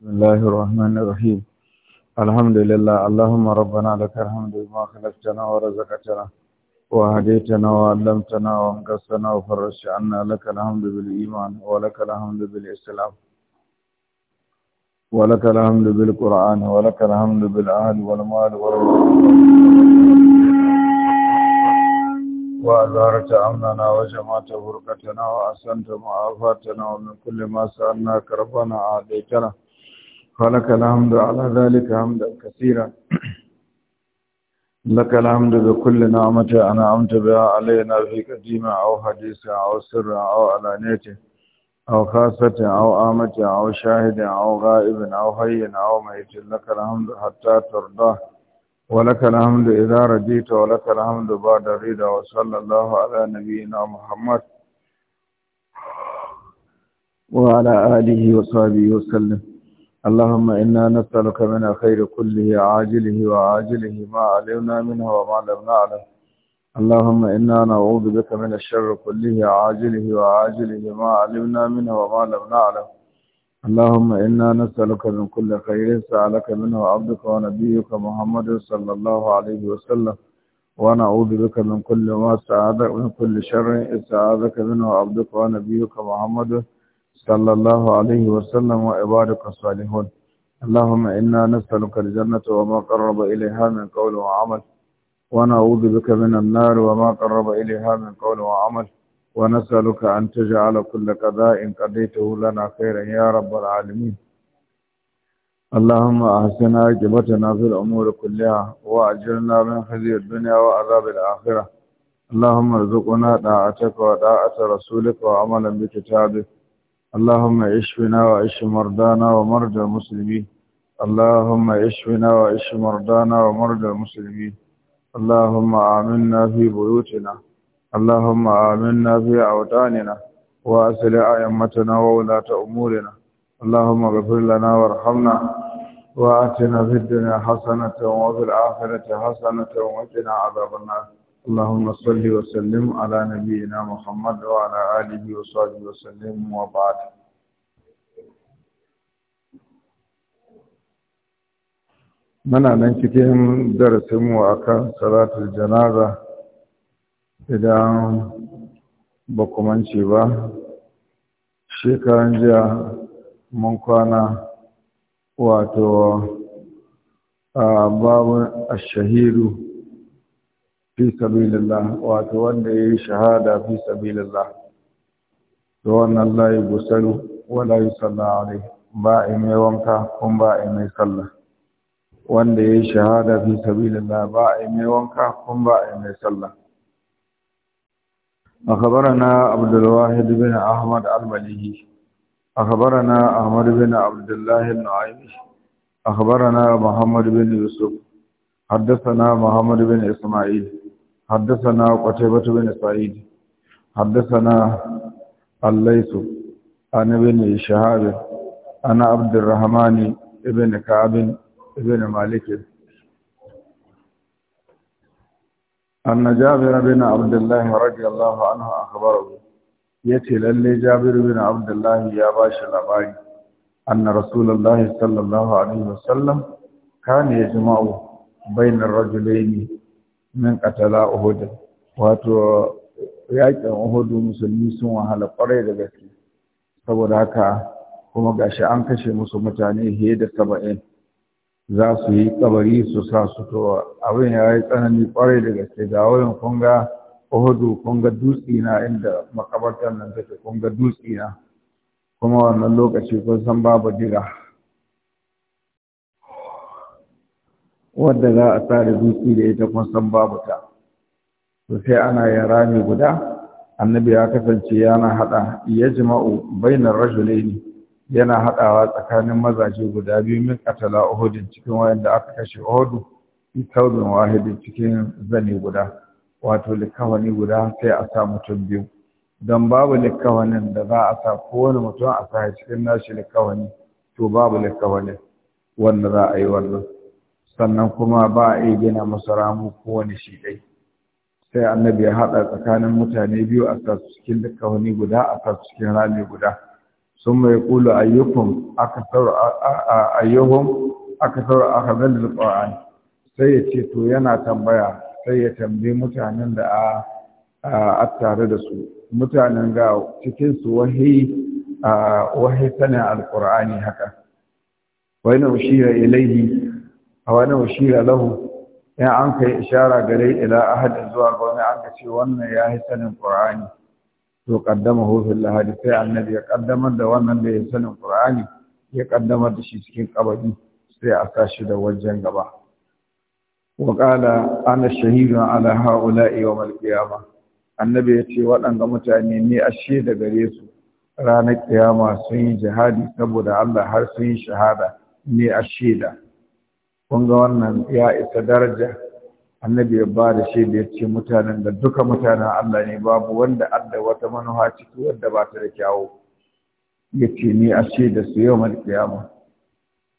بسم الله الرحمن الرحيم الحمد لله اللهم ربنا لك الحمد بما خلقتنا ورزقتنا وهديتنا وعلمتنا وانقصنا وفرشت عنا لك الحمد بالإيمان ولك الحمد بالإسلام ولك الحمد بالقرآن ولك الحمد بالأهل والمال والرزق وأظهرت أمننا وجمعت فرقتنا وأحسنت معافاتنا ومن كل ما سألناك ربنا عاديتنا فلك الحمد على ذلك حمدا كثيرا لك الحمد بكل نعمة أنعمت بها علينا في قديمة أو حديثة أو سر أو علانية أو خاصة أو آمة أو شاهد أو غائب أو حي أو ميت لك الحمد حتى ترضاه ولك الحمد إذا رضيت ولك الحمد بعد رضا وصلى الله على نبينا محمد وعلى آله وصحبه وسلم اللهم إنا نسألك من الخير كله عاجله وعاجله ما علمنا منه وما لم نعلم اللهم إنا نعوذ بك من الشر كله عاجله وعاجله ما علمنا منه وما لم نعلم اللهم إنا نسألك من كل خير سألك منه عبدك ونبيك محمد صلى الله عليه وسلم ونعوذ بك من كل ما سعادك من كل شر استعاذك منه عبدك ونبيك محمد صلى صلى الله عليه وسلم وعبادك الصالحون اللهم إنا نسألك الجنة وما قرب إليها من قول وعمل ونعوذ بك من النار وما قرب إليها من قول وعمل ونسألك أن تجعل كل قضاء قضيته لنا خيرا يا رب العالمين اللهم أحسن عاقبتنا في الأمور كلها وأجرنا من خزي الدنيا وعذاب الآخرة اللهم ارزقنا طاعتك وطاعة رسولك وعملا بكتابك اللهم اشفنا واشف مرضانا ومرضى المسلمين اللهم اشفنا واشف مرضانا ومرضى المسلمين اللهم آمنا في بيوتنا اللهم آمنا في أوطاننا وأسلع أئمتنا وولاة أمورنا اللهم اغفر لنا وارحمنا وآتنا في الدنيا حسنة وفي الآخرة حسنة وقنا عذاب النار اللهم صل وسلم على نبينا محمد وعلى آله وصحبه وسلم وبعد muna nan cikin darasin mu akan salatul janaza idan ba kumanci ba shekaran jiya mun kwana wato a babin ashahiru fi sabilillah wato wanda yayi shahada fi sabilillah to wannan la gusaru wala yusalla alaihi ba a mai wanka kun ba a mai sallah wanda yayi shahada fi sabilillah ba a mai wanka kun ba a mai sallah أخبرنا عبد الواحد بن أحمد المليهي أخبرنا أحمد بن عبد الله النعيمي أخبرنا محمد بن يوسف حدثنا محمد بن إسماعيل حدثنا قتيبة بن سعيد حدثنا الليث عن ابن شهاب أنا عبد الرحمن ابن كعب ابن مالك أن جابر بن عبد الله رضي الله عنه أخبره يتي للي جابر بن عبد الله يا باشا الأباري أن رسول الله صلى الله عليه وسلم كان يجمع بين الرجلين min katala uhud wato yaƙin uhud musulmi sun wahala kwarai da gaske saboda haka kuma gashi an kashe musu mutane fiye da saba'in za su yi kabari su sa su to abin ya yi tsanani kwarai da gaske ga wurin kunga Ohudu, kunga dutse na inda makabartar nan take kunga dutse na kuma wannan lokaci kun san babu diga wadda za a tsara dutse da ita kun san babu ta to sai ana yin rami guda annabi ya kasance yana hada ya jima'u bainar rajulaini yana haɗawa tsakanin mazaje guda biyu min katala uhudin cikin wayanda aka kashe uhudu fi taudin wahidin cikin zane guda wato likawani guda sai a sa mutum biyu don babu likawanin da za a sa kowane mutum a sa cikin nashi likawani to babu likawanin wanda za a yi wannan sannan kuma ba a iya gina musu ramu kowane shi ɗai sai annabi ya haɗa tsakanin mutane biyu a sa cikin duka guda a sa cikin rami guda sun mai kulu ayyukun aka saura a aka da sai ya ce to yana tambaya sai ya tambayi mutanen da a tare da su mutanen ga cikin su wahi sanin haka wani ushira ilaihi a wani ushira lahu in an kai ishara gare ila ahadin zuwa ga wani an ka ce wannan ya yi sanin qur'ani to kaddama hu fil lahadi sai annabi ya kaddamar da wannan da ya sanin qur'ani ya kaddamar da shi cikin kabari sai a sa shi da wajen gaba wa qala ana shahidun ala haula'i wa mal qiyama annabi ya ce waɗanda mutane ne ashe da gare su ranar kiyama sun yi jihadi saboda Allah har sun yi shahada ne ashe da kun wannan ya isa daraja annabi ya ba da shi da ya ce mutanen da duka mutanen Allah ne babu wanda adda wata manuha ciki wadda ba ta da kyawu ya ce ni a ce da su yau mal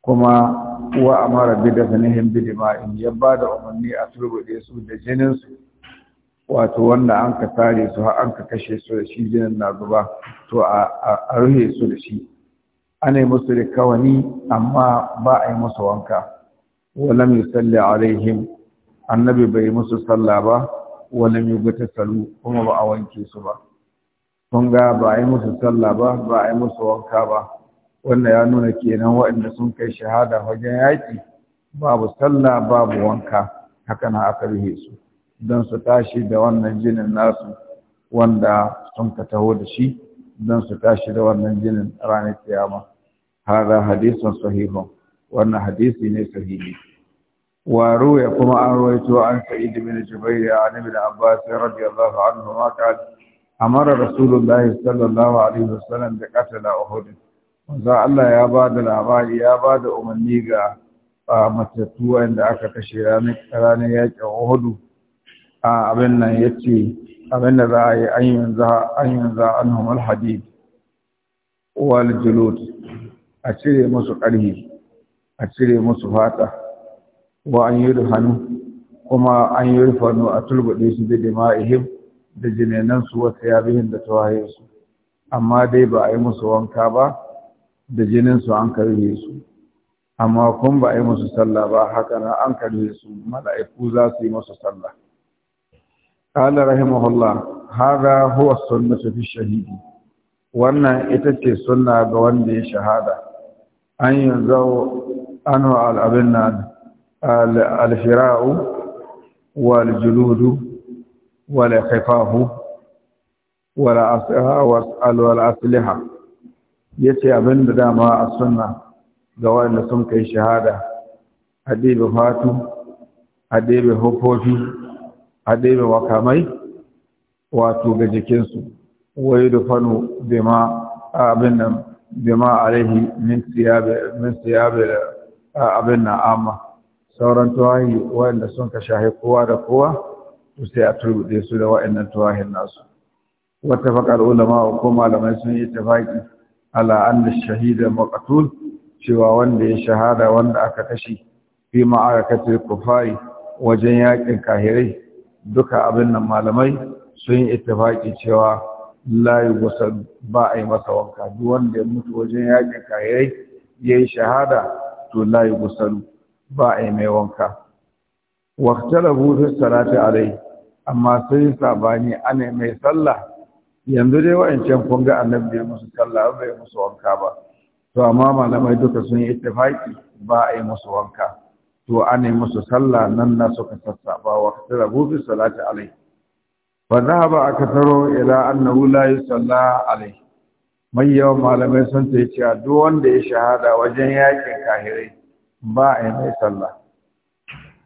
kuma wa mara bi da sanihin bi ya ba da umarni a turbude su da jininsu, wato wanda an ka tare su har an ka kashe su da shi jinin na zuba to a ruhe su da shi ana yi musu da kawani amma ba a yi musu wanka walam yusalli alaihim annabi bai musu sallah ba walam yugtasalu kuma ba a wanke su ba kun ba a yi musu sallah ba ba a yi musu wanka ba wanda ya nuna kenan waɗanda sun kai shahada wajen yaƙi babu sallah babu wanka haka na aka rihe su don su tashi da wannan jinin nasu wanda sun ka taho da shi don su tashi da wannan jinin ranar kiyama hada hadisan sahihun wannan hadisi ne sahihi wa ruwa kuma an rawaito an sa'id bin jubair an ibn abbas radiyallahu anhu ma qala amara rasulullah sallallahu alaihi wasallam da qatala uhud wanda Allah ya ba da labari ya ba da umarni ga matattu wanda aka kashe ranar ranar yaƙin uhud a abin nan yace abin da za a yi an yanzu an yanzu anhum alhadid wal julud a cire musu ƙarfi a cire musu fata wa an yi hannu kuma an yi rufanu a tulbuɗe su da dima'ihim da jinenansu wata yabihin da ta waye su amma dai ba a yi musu wanka ba da jininsu an karye su amma kun ba a yi musu sallah ba haka na an karye su mala'iku za su yi musu sallah qala rahimahullah hada huwa sunnatu fi shahidi wannan ita ce sunna ga wanda ya shahada an yanzu anu al'abin na alfira'u wal juludu wal kaifahu wal asliha ya ce abin da dama a sunna ga wanda sun kai shahada a ɗebe fatu a ɗebe hufofi a ɗebe wakamai wato ga jikinsu wai da fano bima abin nan bima alaihi min siyabe abin na sauran tuwahi wanda sun ka shahi kowa da kowa to sai a turbude su da wa'annan tuwahin nasu wata faƙar ulama ko malamai sun yi tafaki ala anna shahida maqtul cewa wanda ya shahada wanda aka kashe fi ma'arakatil kufari wajen yakin kahirai duka abin nan malamai sun yi ittifaki cewa layi wasa ba a yi masa wanka duk wanda ya mutu wajen yakin kahirai ya yi shahada to la yusalu ba a yi mai wanka waqtalabu fi salati alai amma sai sabani ana mai sallah yanzu dai wa'ancan kun ga annabi bai musu sallah bai musu wanka ba to amma malamai duka sun yi ittifaki ba a yi musu wanka to ana musu sallah nan na suka sassaba waqtalabu fi salati alai fa dhahaba akatharu ila annahu la yusalla alai mai yawan malamai sun ta cewa duk wanda ya shahada wajen yakin kahirai ba a yi mai sallah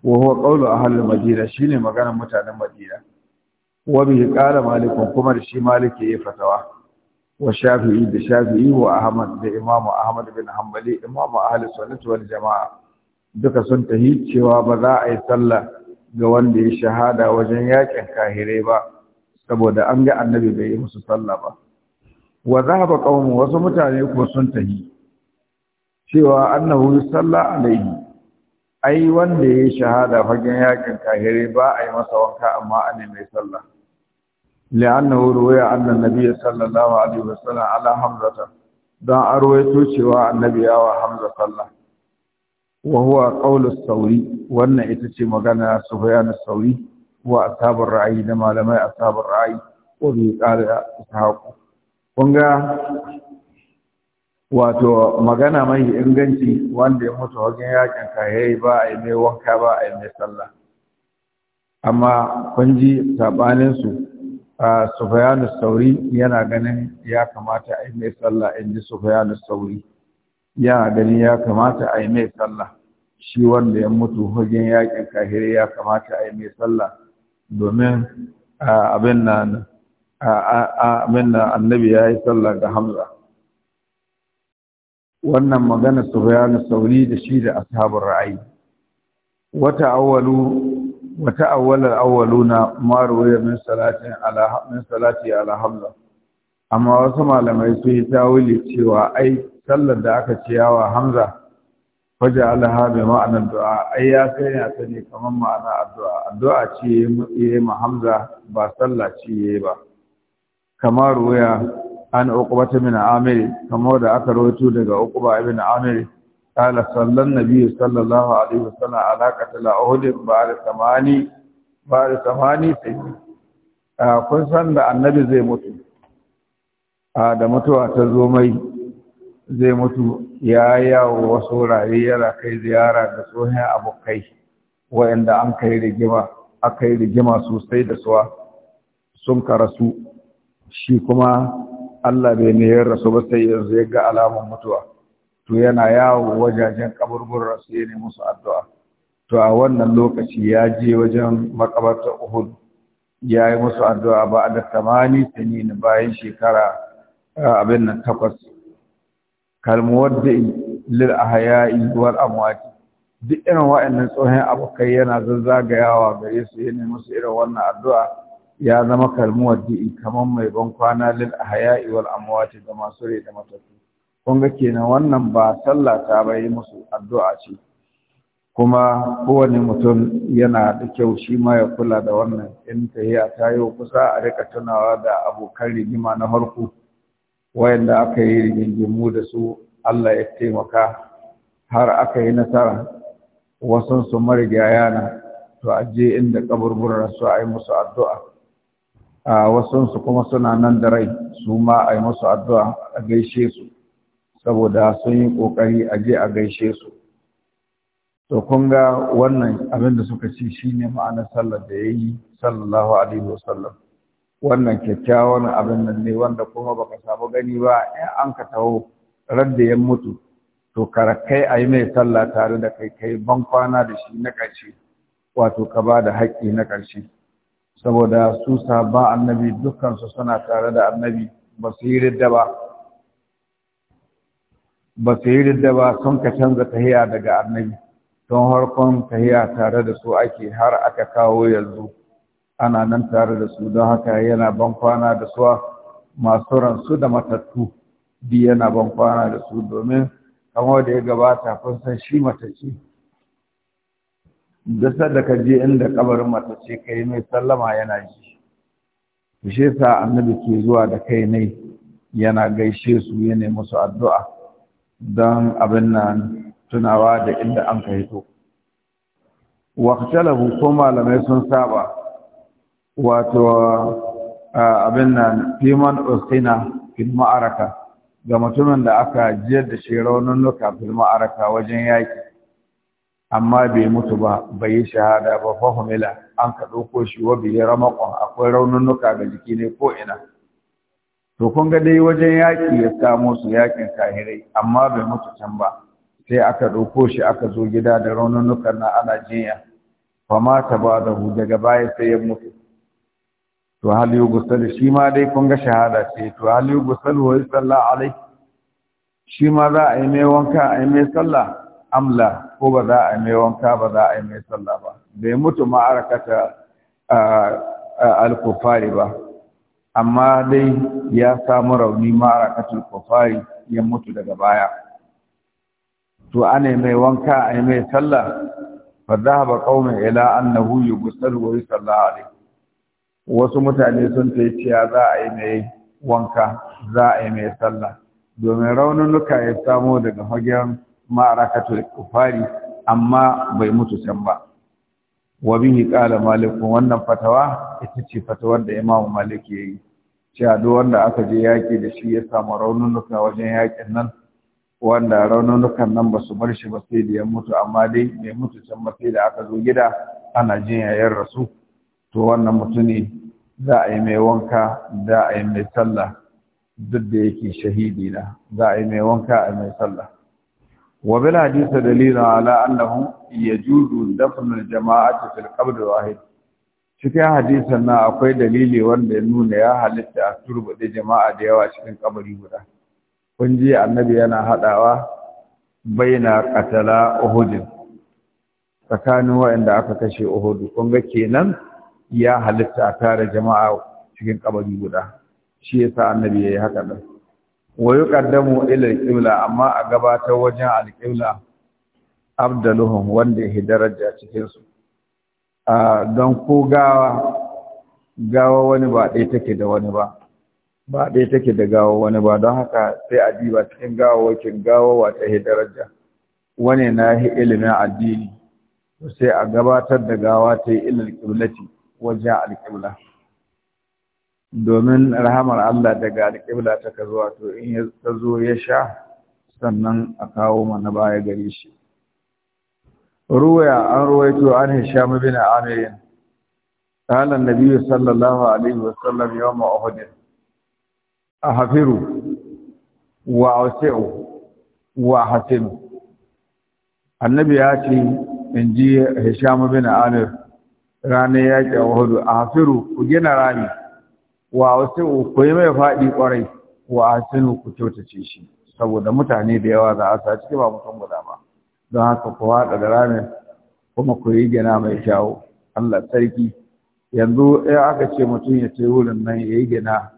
wa huwa qawlu ahli madina shine maganar mutanen madina wa bihi qala malikun kuma da shi maliki ya fatawa wa shafi'i da shafi'i wa ahmad da imamu ahmad bin hanbali imamu ahli sunnati wal jamaa duka sun yi cewa ba za a yi sallah ga wanda ya shahada wajen yakin kahirai ba saboda an ga annabi bai yi musu sallah ba wa zahaba qaumu wasu mutane ko sun tahi cewa annahu salla alaihi ai wanda ya shahada fagen yakin kahire ba ai masa wanka amma an ne mai sallah li'annahu ruwaya anna nabiyyi sallallahu alaihi wasallam ala hamzata da an cewa annabi ya wa hamza sallah wa huwa qawlu sauri wannan ita ce magana sufyan sawri wa ashabur ra'i da malamai ashabur ra'i wa bi qala ishaq kunga wato magana mai inganci wanda ya mutu wajen yakin kayayi ba a yi mai wanka ba a yi mai sallah amma kun ji saɓaninsu a sufayanu sauri yana ganin ya kamata a yi mai sallah in ji sufayanu sauri yana ganin ya kamata a yi mai sallah shi wanda ya mutu hujin yakin kahiri ya kamata a yi mai sallah domin abin nan amin minna annabi ya yi sallar da hamza wannan magana su bayanu sauri da shi da ashabin ra'ayi wata awwalu wata awwalar awwaluna maruwa min salati ala min salati ala hamza amma wasu malamai su yi tawili cewa ai sallar da aka ce yawa hamza faja alaha bi ma'anar du'a ai ya kai ne sani kamar ma'ana addu'a addu'a ce yayi ma hamza ba sallah ce yayi ba kamar ruwaya an uqbata min amir kamar da aka rawaito daga uqba ibn amir قال sallan nabi sallallahu alaihi wasallam وسلم على قتل أهد samani ثماني samani sai سنين kun san da annabi zai mutu da mutuwa ta zo mai zai mutu ya yawo wasu rayi yana kai ziyara da tsohon abokai wa'anda an kai rigima aka yi rigima sosai da suwa sun karasu shi kuma Allah bai ne yin rasu ba sai yanzu ya ga alamun mutuwa to yana yawo wajajen kaburburan rasu ya musu addu'a to a wannan lokaci ya je wajen makabartar Uhud ya yi musu addu'a ba a da tamani sanin bayan shekara abin nan takwas kalmuwar da lil yi wal amwati duk irin wa'annan tsohon abokai yana zazzagayawa gare su ne musu irin wannan addu'a ya zama kalmuwar di'i kamar mai ban kwana lil ahya'i wal amwati da masu rai da matattu kun ga kenan wannan ba sallah ta bai musu addu'a ce kuma kowane mutum yana da kyau shi ma ya kula da wannan in ta a ta yau kusa a rika tunawa da abokan rigima na farko wayanda aka yi rigingimu da su Allah ya taimaka har aka yi nasara wasan su marigaya na to aje inda kaburburan su a yi musu addu'a a wasunsu kuma suna nan da rai su ma a yi masu addu'a a gaishe su saboda sun yi ƙoƙari a je a gaishe su to kun ga wannan abin da suka ci shi ne ma'anar sallar da ya yi sallallahu alaihi wasallam wannan kyakkyawan abin nan ne wanda kuma baka samu gani ba in an ka taho radda ya mutu to karakai a yi mai sallah tare da kai kai ban kwana da shi na ƙarshe wato ka ba da haƙƙi na ƙarshe saboda su ba annabi dukkansu suna tare da annabi ba su yi ridda ba ba su yi ba sun ka canza tahiya daga annabi don harkon tahiya tare da su ake har aka kawo yanzu ana nan tare da su don haka yana ban kwana da su masu ransu da matattu bi yana ban kwana da su domin kamar da ya gabata kun san shi matacci duk da ka je inda kabarin mata ce kai mai sallama yana ji shi sa annabi ke zuwa da kai ne yana gaishe su ya nemi musu addu'a don abin nan tunawa da inda an ka hito waktalahu ko malamai sun saba wato abin nan fiman ustina fil ma'araka ga mutumin da aka jiyar da shi raunin nuka fil ma'araka wajen yaki amma bai mutu ba bai yi shahada ba fahimila an ka ɗauko shi wa bai ramakon akwai raununuka ga jiki ne ko ina to kun ga dai wajen yaƙi ya samo su yakin kahirai amma bai mutu can ba sai aka ɗauko shi aka zo gida da raununukan na ana jinya ma ta ba da hu daga baya sai ya mutu to yu yugusalu shi ma dai kun ga shahada ce to yu yugusalu wa sallallahu alaihi shi ma za a yi mai wanka a yi mai sallah amla ko ba za a mai wanka ba za a yi mai sallah ba bai mutu ma'arakata al-kufari ba amma dai ya samu rauni ma'arakatar kufari ya mutu daga baya to ana mai wanka a mai sallah fa ba qaumun ila annahu yughsal wa yusalla wasu mutane sun ta ciya za a yi mai wanka za a yi mai sallah domin raunin nuka ya samo daga hagen ma'arakatul kufari amma bai mutu can ba wa bihi qala malik wannan fatawa ita ce fatawar da imamu malik yayi cewa duk wanda aka je yaki da shi ya samu raununuka wajen yakin nan wanda raununukan nan ba su bar shi ba sai da ya mutu amma dai bai mutu can ba sai da aka zo gida ana jin yayar rasu to wannan mutune za a yi mai wanka za a yi mai sallah duk da yake shahidi na za a yi mai wanka a mai sallah wa bil hadisi dalilun ala annahu yajuzu dafnul jama'ati fil qabr wahid cikin hadisan na akwai dalili wanda ya nuna ya halitta a turbuɗe jama'a da yawa cikin kabari guda kun ji annabi yana haɗawa baina qatala uhudin tsakanin waɗanda aka kashe uhudu kun ga kenan ya halitta a tare jama'a cikin kabari guda shi yasa annabi yayi haka nan wa yuqaddamu ila al-qibla amma a gabatar wajen al-qibla abdaluhum wanda ya daraja cikin su a don ko gawa gawa wani ba ɗaya take da wani ba ba ɗaya take da gawa wani ba don haka sai a diba cikin gawawakin gawawa ta yi daraja wani na yi ilimin addini sai a gabatar da gawa ta yi ilil qiblati wajen alƙibla. domin rahamar Allah daga alƙibla ta ka zuwa to in ya zo ya sha sannan a kawo mana baya gare shi ruwaya an ruwaito an hisham bin amirin ta an-nabi sallallahu alaihi wasallam yawm A Hafiru wa awsi'u wa hasinu annabi ya ce in ji hisham bin amir ranar yaƙi a wahudu a hafiru ku gina rani. wa wasu mai faɗi ƙwarai wa asinu ku kyautace shi saboda mutane da yawa za a sa ciki ba mutum guda ba don haka ku haɗa da ramin kuma ku yi gina mai shawo. Allah sarki yanzu ya aka ce mutum ya ce wurin nan ya yi gina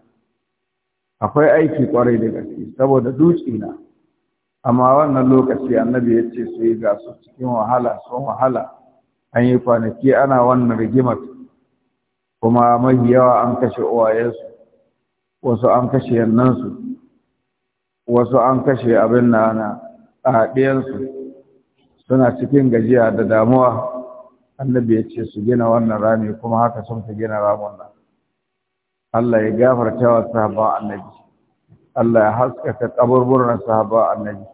akwai aiki ƙwarai da gaske saboda dutse na amma wannan lokaci annabi ya ce sai yi su cikin wahala sun wahala an yi kwanaki ana wannan rigimar kuma mafi yawa an kashe uwayensu wasu an kashe yannansu wasu an kashe abin na na suna cikin gajiya da damuwa annabi ya ce su gina wannan rami kuma haka sun fi gina ramun nan Allah ya gafarta wa sahaba annabi Allah ya haskaka kaburburan sahaba annabi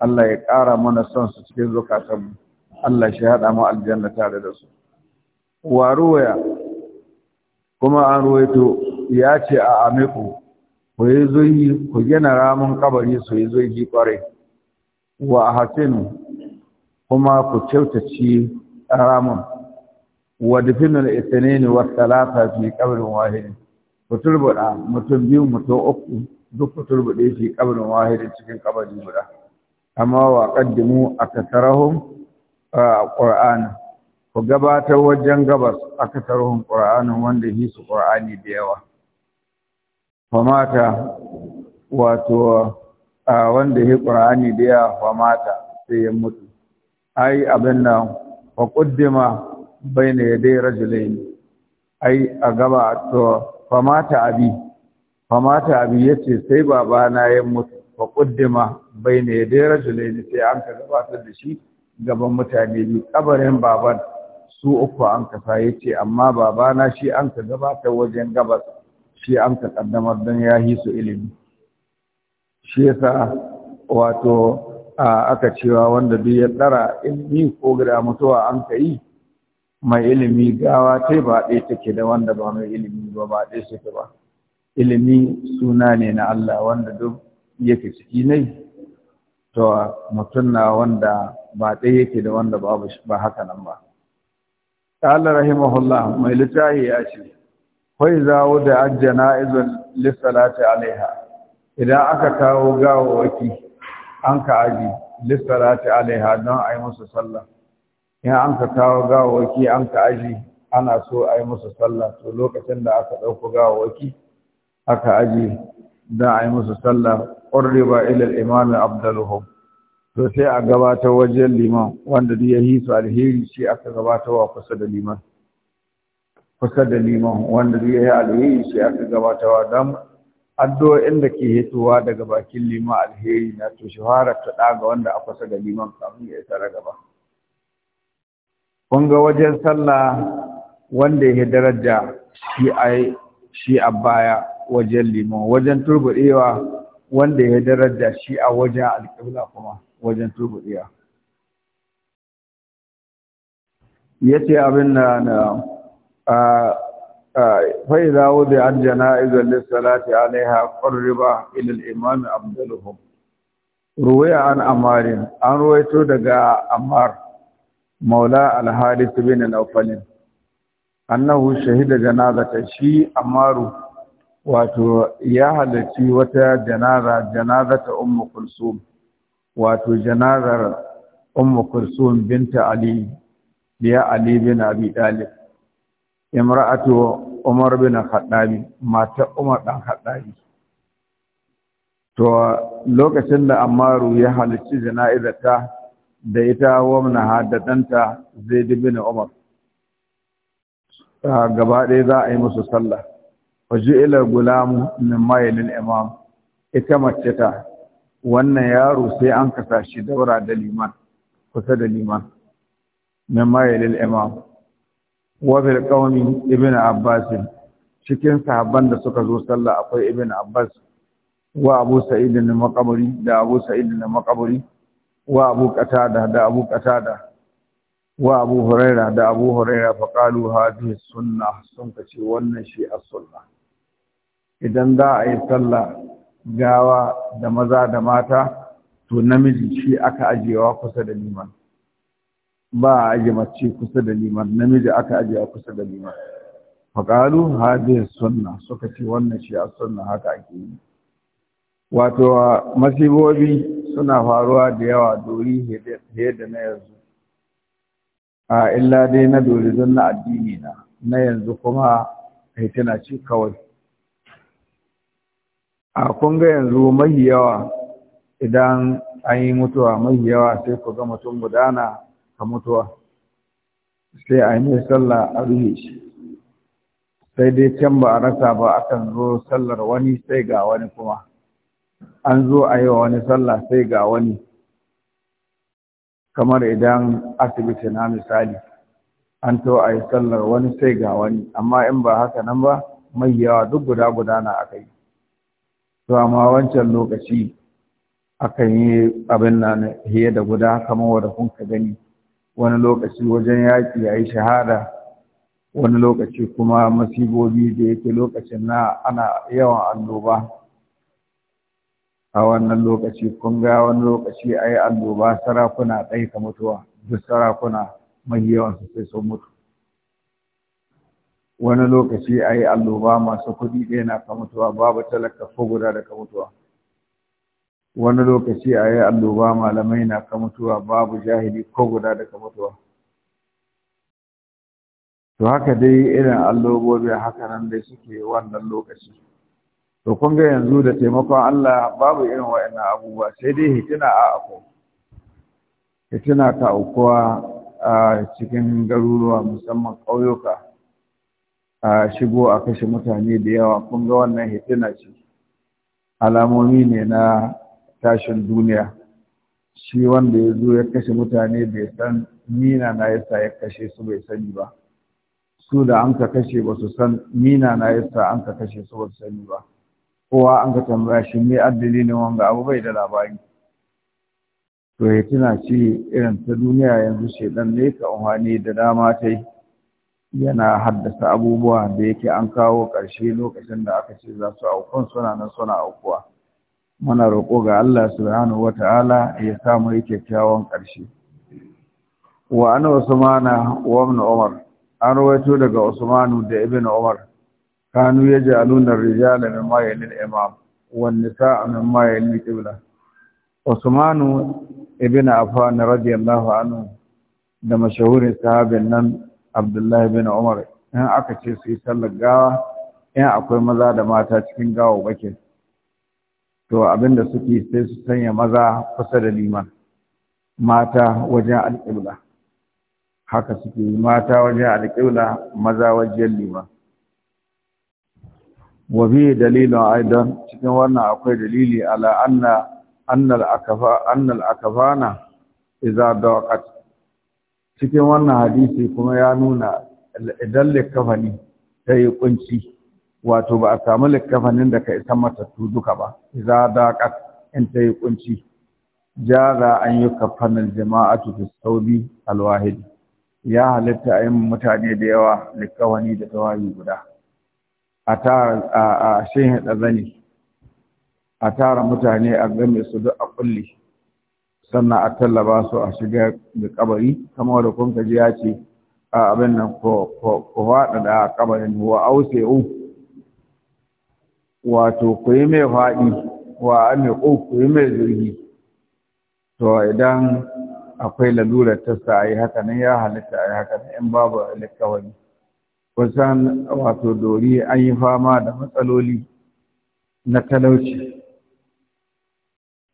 Allah ya ƙara mana son su cikin zukatanmu Allah shi haɗa mu aljanna tare da su waruwaya kuma an ruwaito ya ce a amiku ku yi zoyi ku gina ramin kabari su yi zoyi kwarai wa hasinu kuma ku kyautaci ramin wa isini ne wa talata fi kabarin wahiri? ku turbuda mutum biyu mutum uku duk ku turbude fi kabarin wahiri cikin kabari guda amma wa qaddimu a qur'ana ku gabatar wajen gabas aka tarhun ƙura'anin wanda su Qur'ani da yawa famata wato a wanda shi Qur'ani da yawa famata sai ya mutu ai abin nan wa ƙuddima bai na rajulain ai a gaba to famata abi famata abi ya ce sai na ya mutu wa ƙuddima bai na rajulain sai an ka gabatar da shi gaban mutane biyu kabarin baban su uku an kasa ya ce amma babana shi an ka gabatar wajen gabas shi an ka kaddamar don ya yi su ilimi shi yasa wato aka cewa wanda duk ya tsara ilimi ko gida mutuwa an ka yi mai ilimi gawa ta ba ɗaya take da wanda ba mai ilimi ba ba ɗaya suke ba ilimi suna ne na Allah wanda duk yake ciki ne to mutum na wanda ba ɗaya yake da wanda ba haka nan ba ƙalar rahimahullah mai littahi ya ce kwai zawo da ajjana izon lissalati alaiha idan aka kawo gawoki an ka aji lissalati alaiha don ayi musu sallah in an ka kawo gawoki an ka aji ana so ayi musu sallah to lokacin da aka ɗauko gawoki aka aji don ayi musu sallah ila al-imam abdulhum to sai a gabatar wajen liman wanda duk ya su alheri shi aka wa kusa da liman kusa da liman wanda duk ya yi alheri shi aka wa don addu'o'in da ke hitowa daga bakin liman alheri na to shahara ta ɗaga wanda a kusa da liman kafin ya isa gaba kun ga wajen sallah wanda ya daraja shi a shi a baya wajen liman wajen turbuɗewa wanda ya daraja shi a wajen alƙibla kuma wajen turbuɗiya ya ce abin na na za wuce an jana'izar lissalati alaiha ƙarriba ilil imami abdullahum ruwaya an amarin an ruwaito daga amar maula bi bin naufalin annahu shahida ta shi amaru wato ya halarci wata janaza janazata umu kulsum wato janazar ummu kulsum binta ali biya ali bin abi dalib imra'atu umar bin khaddabi mata umar dan khaddabi to lokacin da ammaru ya halicci ta, da ita wamna haddadanta zaid bin umar ah, gaba ɗaya za a yi musu sallah ilar gulamu min mayilin imam ita mace ta wannan yaro sai an kasa shi daura da liman kusa da liman min mayalil imam wa bil qawmi ibn abbas cikin sahabban da suka zo sallah akwai ibn abbas wa abu sa'id ibn maqburi da abu sa'id ibn maqburi wa abu qatada da abu qatada wa abu huraira da abu huraira fa qalu hadhihi sunnah sun kace wannan shi as-sunnah idan za a yi sallah gawa da maza da mata to namiji shi aka ajiyewa kusa da liman ba a aje mace kusa da liman namiji aka ajiyewa kusa da liman faƙalu hadiyar sunna suka ce wannan shi a sunna haka ake yi wato masibobi suna faruwa da yawa dori fiye da na yanzu a illa dai na dori don na addini na na yanzu kuma kai tana ce kawai a kunga yanzu mai yawa idan an yi mutuwa mai yawa sai ku ga mutum gudana ka mutuwa sai a yi sallah a ruhe shi sai dai can ba a rasa ba akan zo sallar wani sai ga wani kuma an zo a yi wa wani sallah sai ga wani kamar idan asibiti na misali an to a yi sallar wani sai ga wani amma in ba haka nan ba mai yawa duk guda gudana aka yi to amma wancan lokaci akan yi abin nan hiye da guda kamar wanda kun ka gani wani lokaci wajen yaƙi ya yi shahada wani lokaci kuma masibobi da yake lokacin na ana yawan annoba a wannan lokaci kun ga wani lokaci ayi yi annoba sarakuna ɗai ka mutuwa duk sarakuna mai yawan sai sun mutu wani lokaci a yi alloba masu kuɗi ɗaya na ka mutuwa babu talaka ko guda da ka mutuwa wani lokaci a yi alloba malamai na ka mutuwa babu jahili ko guda da ka mutuwa to haka dai irin allobobi haka nan dai suke wannan lokaci to kun ga yanzu da taimakon Allah babu irin wa'annan abubuwa sai dai hitina a ako hitina ta aukuwa a cikin garuruwa musamman ƙauyuka a shigo a kashe mutane da yawa kun ga wannan hitina ce alamomi ne na tashin duniya shi wanda ya zo ya kashe mutane bai san mina na yasa ya kashe su bai sani ba su da an ka kashe ba su san mina na yasa an ka kashe su ba sani ba kowa an ka tambaya shi ne addini ne wanga abu bai da labari to ya ce irin ta duniya yanzu shedan ne ka unhani da dama ta yi yana haddasa abubuwa da yake an kawo ƙarshe lokacin da aka ce za su aukun suna nan suna aukuwa muna roƙo ga Allah subhanahu Ta'ala ya samu yake kyakkyawan ƙarshe wa ana usmana wa ibn umar an rawaito daga usmanu da ibn umar kanu yaj'aluna ar-rijala min mayil imam wan nisaa min al qibla usmanu ibn affan radiyallahu anhu da mashahurin sahabin nan abdullahi bin umar in aka ce su yi sallar gawa in akwai maza da mata cikin gawa bakin to abinda suke sai su sanya maza kusa da liman mata wajen alƙibla haka suke yi mata wajen alƙibla maza wajen liman wabi dalilin aidan cikin wannan akwai dalili ala anna annal akafana idza daqat cikin wannan hadisi kuma ya nuna idan likafani ta yi kunci wato ba a samu likafanin da ka isa matattu duka ba za da in ta yi kunci za an yi kafanin jama'atu fi saudi alwahidi ya halitta a yin mutane da yawa likafani da tawayi guda a tara a ɗazani a tara mutane a game su duk a kulle. sannan a tallaba su a shiga da kabari kamar da kun kaji ya ce a abin nan ko faɗa da kabarin wa ause'u wato ku yi mai faɗi wa amiku ku yi mai zurgi to idan akwai lalurar tasa a yi haka nan ya halitta a yi haka nan in babu alkawari kusan wato dori an yi fama da matsaloli na talauci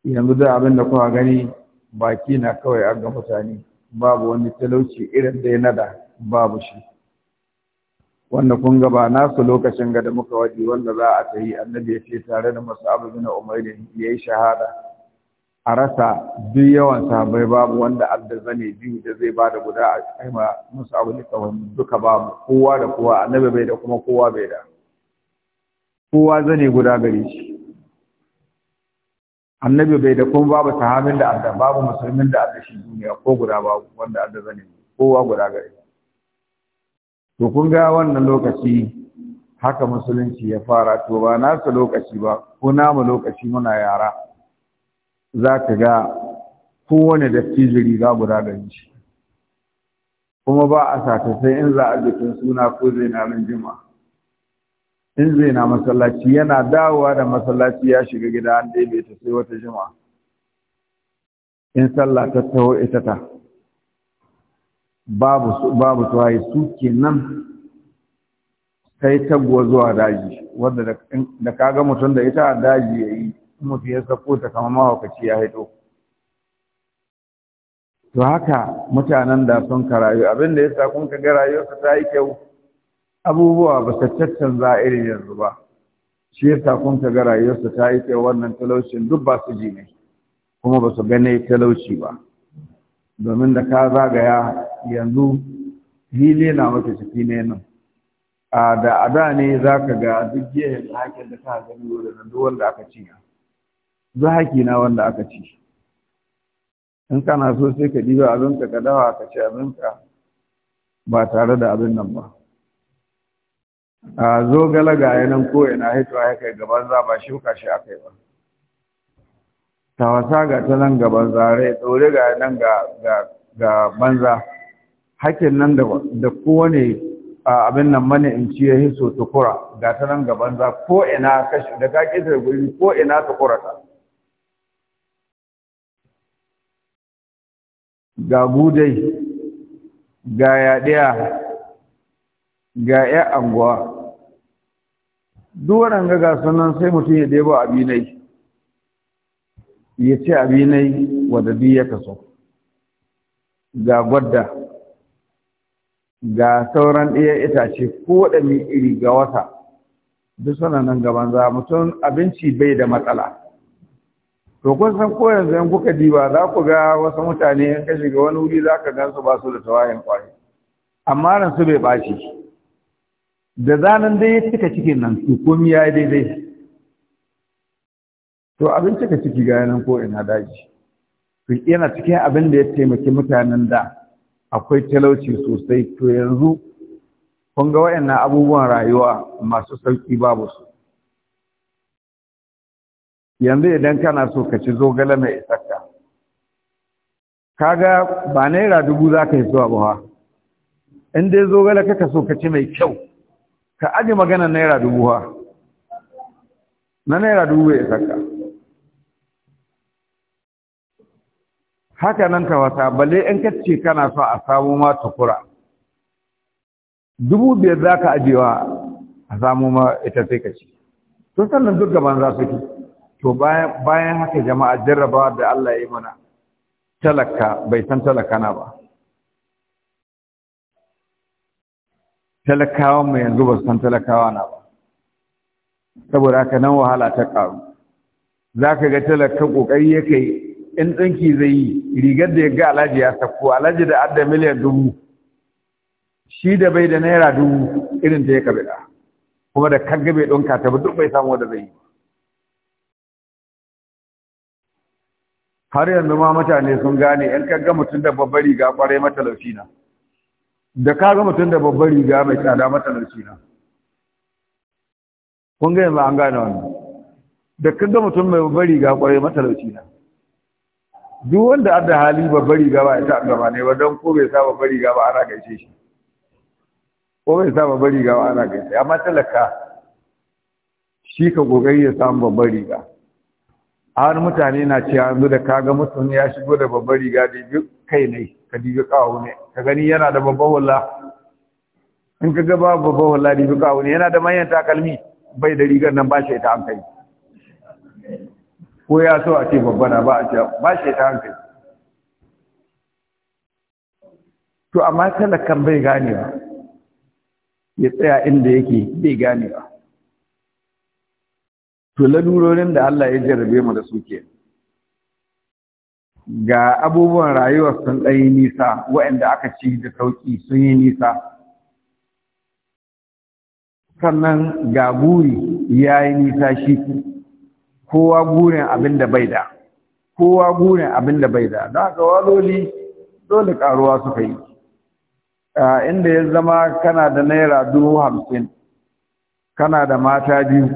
yanzu da abin da kuka gani baki na kawai a ga mutane babu wani talauci irin da ya nada babu shi wanda kun gaba nasu lokacin ga da muka waje wanda za a ta yi annabi ya ce tare da masu abu na umarin ya yi shahada a rasa duk yawan sahabbai babu wanda adda zane biyu da zai ba da guda a ma musu abu da duka babu kowa da kowa annabi bai da kuma kowa bai da kowa zane guda gare shi annabi bai da kuma babu sahabin da adda babu musulmin da adda shi duniya ko guda babu wanda adda zane kowa guda gare to kun ga wannan lokaci haka musulunci ya fara to ba na nasu lokaci ba ko mu lokaci muna yara za ka ga kowane dattijo riga guda gare shi kuma ba a sata sai in za a bikin suna ko zinarin jima'a in zai na masallaci yana dawowa da masallaci ya shiga gida an ɗebe ta sai wata jima'a in sallah ta taho ita ta babu babu tawaye su kenan sai taguwa zuwa daji wanda da kaga mutum da ita a daji yayi mutum ya sako ta kama mahaukaci ya haito to haka mutanen da sun karayu abin da ya sa kun ka ga rayuwarsa ta yi kyau abubuwa ba su caccanza irin yanzu ba shi yasa kun ka ga rayuwarsa ta yi ke wannan talaucin duk ba su ji ne kuma ba su gane talauci ba domin da ka zagaya yanzu hili na maka ciki ne nan a da a da ne za ka ga duk gehen hakin da ka gani wurin duk wanda aka ci ya duk haki na wanda aka ci in kana so sai ka diba abinka ka dawa ka ci abinka ba tare da abin nan ba a zo gala ga yanan ko ina hito ya kai gaban za ba shuka shi aka yi ba ta wasa ga ta nan gaban zare tsori ga nan ga banza hakin nan da kowane abin nan mana in ci ya hiso tukura ga ta nan ga banza ko kashi da ka ƙetare guri ko ina tukura ta ga gudai ga yaɗiya ga ya anguwa duwaran ga sunan sai mutum ya debo abinai ya ce abinai wadda ya kaso ga gwadda ga sauran ɗaya itace ko waɗanne iri ga wata duk suna gaban za mutum abinci bai da matsala to kun san ko yanzu in kuka diba za ku ga wasu mutane in kashi ga wani wuri za ka gan su ba su da tawayin kwari amma ran su bai ɓaci da zanen dai ya cika cikin nan su komi ya yi daidai to abin cika ciki ga yanan ko ina daji yana cikin abin da ya taimaki mutanen da akwai talauci sosai to yanzu kun ga wayannan abubuwan rayuwa masu sauki babu su yanzu idan kana so ka ci zogale mai isakka kaga ba naira dubu za ka yi zuwa ba in dai zogale kaka so ka ci mai kyau ka aje magana naira dubu ha na naira dubu ya saka haka nan ka wata balle in ka ce kana so a samu ma tukura dubu biyar za ka ajewa a samu ma ita sai ka ci to sannan duk gaban za su ki to bayan haka jama'a jarrabawa da Allah ya yi mana talaka bai san talaka na ba talakawan mu yanzu ba san talakawa na ba saboda haka nan wahala ta karu ka ga talaka kokari yake in tsinki zai yi rigar da ya ga alhaji ya sako alhaji da adda miliyan dubu shi da bai da naira dubu irin ta ya kabila kuma da kagga bai ka ta duk bai samu wanda zai yi har yanzu ma mutane sun gane in ga mutum da babbar riga kwarai matalauci na da ka ga mutum da babbar riga mai tsada matalauci na kun ga yanzu an gane wannan da ka ga mutum mai babbar riga kwarai matalauci na duk wanda an da hali babbar riga ba ita a gaba ne ba don ko bai sa babbar riga ba ana gaishe shi ko bai sa babbar riga ba ana gaishe amma talaka shi ka gogai ya samu babbar riga A wani mutane na ce yanzu da kaga mutum ya shigo da babbar riga da duk kai ne ka dibi kawo ne ka gani yana da babban walla. in ka ga babu babban hula dibi kawo ne yana da manyan takalmi bai da rigar nan ba shi ta hankali ko ya so a ce na ba a ce ba shi ta hankali to amma talakan bai gane ba ya tsaya inda yake bai gane ba to lalurorin da Allah ya jarrabe mu da su kenan ga abubuwan rayuwar sun ɗaya nisa waɗanda aka ci da sauƙi sun yi nisa sannan ga buri ya yi nisa shi kowa gurin abin da bai da kowa gurin abin da bai da da haka waloli dole karuwa suka yi inda ya zama kana da naira dubu hamsin kana da mata biyu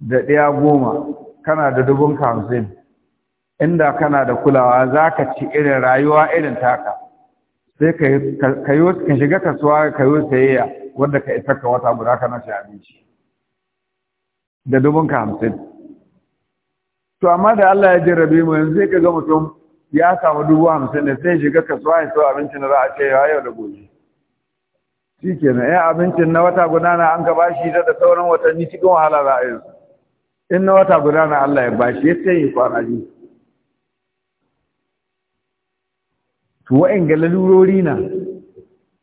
da ɗaya goma kana da dubun hamsin inda kana da kulawa za ka ci irin rayuwa irin taka sai ka shiga kasuwa ka yi sayayya wanda ka isa ka wata guda kana ci abinci da dubun ka hamsin to amma da Allah ya jarrabe mu yanzu sai ka ga mutum ya samu dubu hamsin da sai shiga kasuwa ya sau abincin da za a ce yau da gobe shi kenan ya eh, abincin na wata guda na an ka bashi da sauran watanni cikin wahala za a yi in na wata guda na Allah ya bashi ya sai yi kwana biyu to ga lalurori na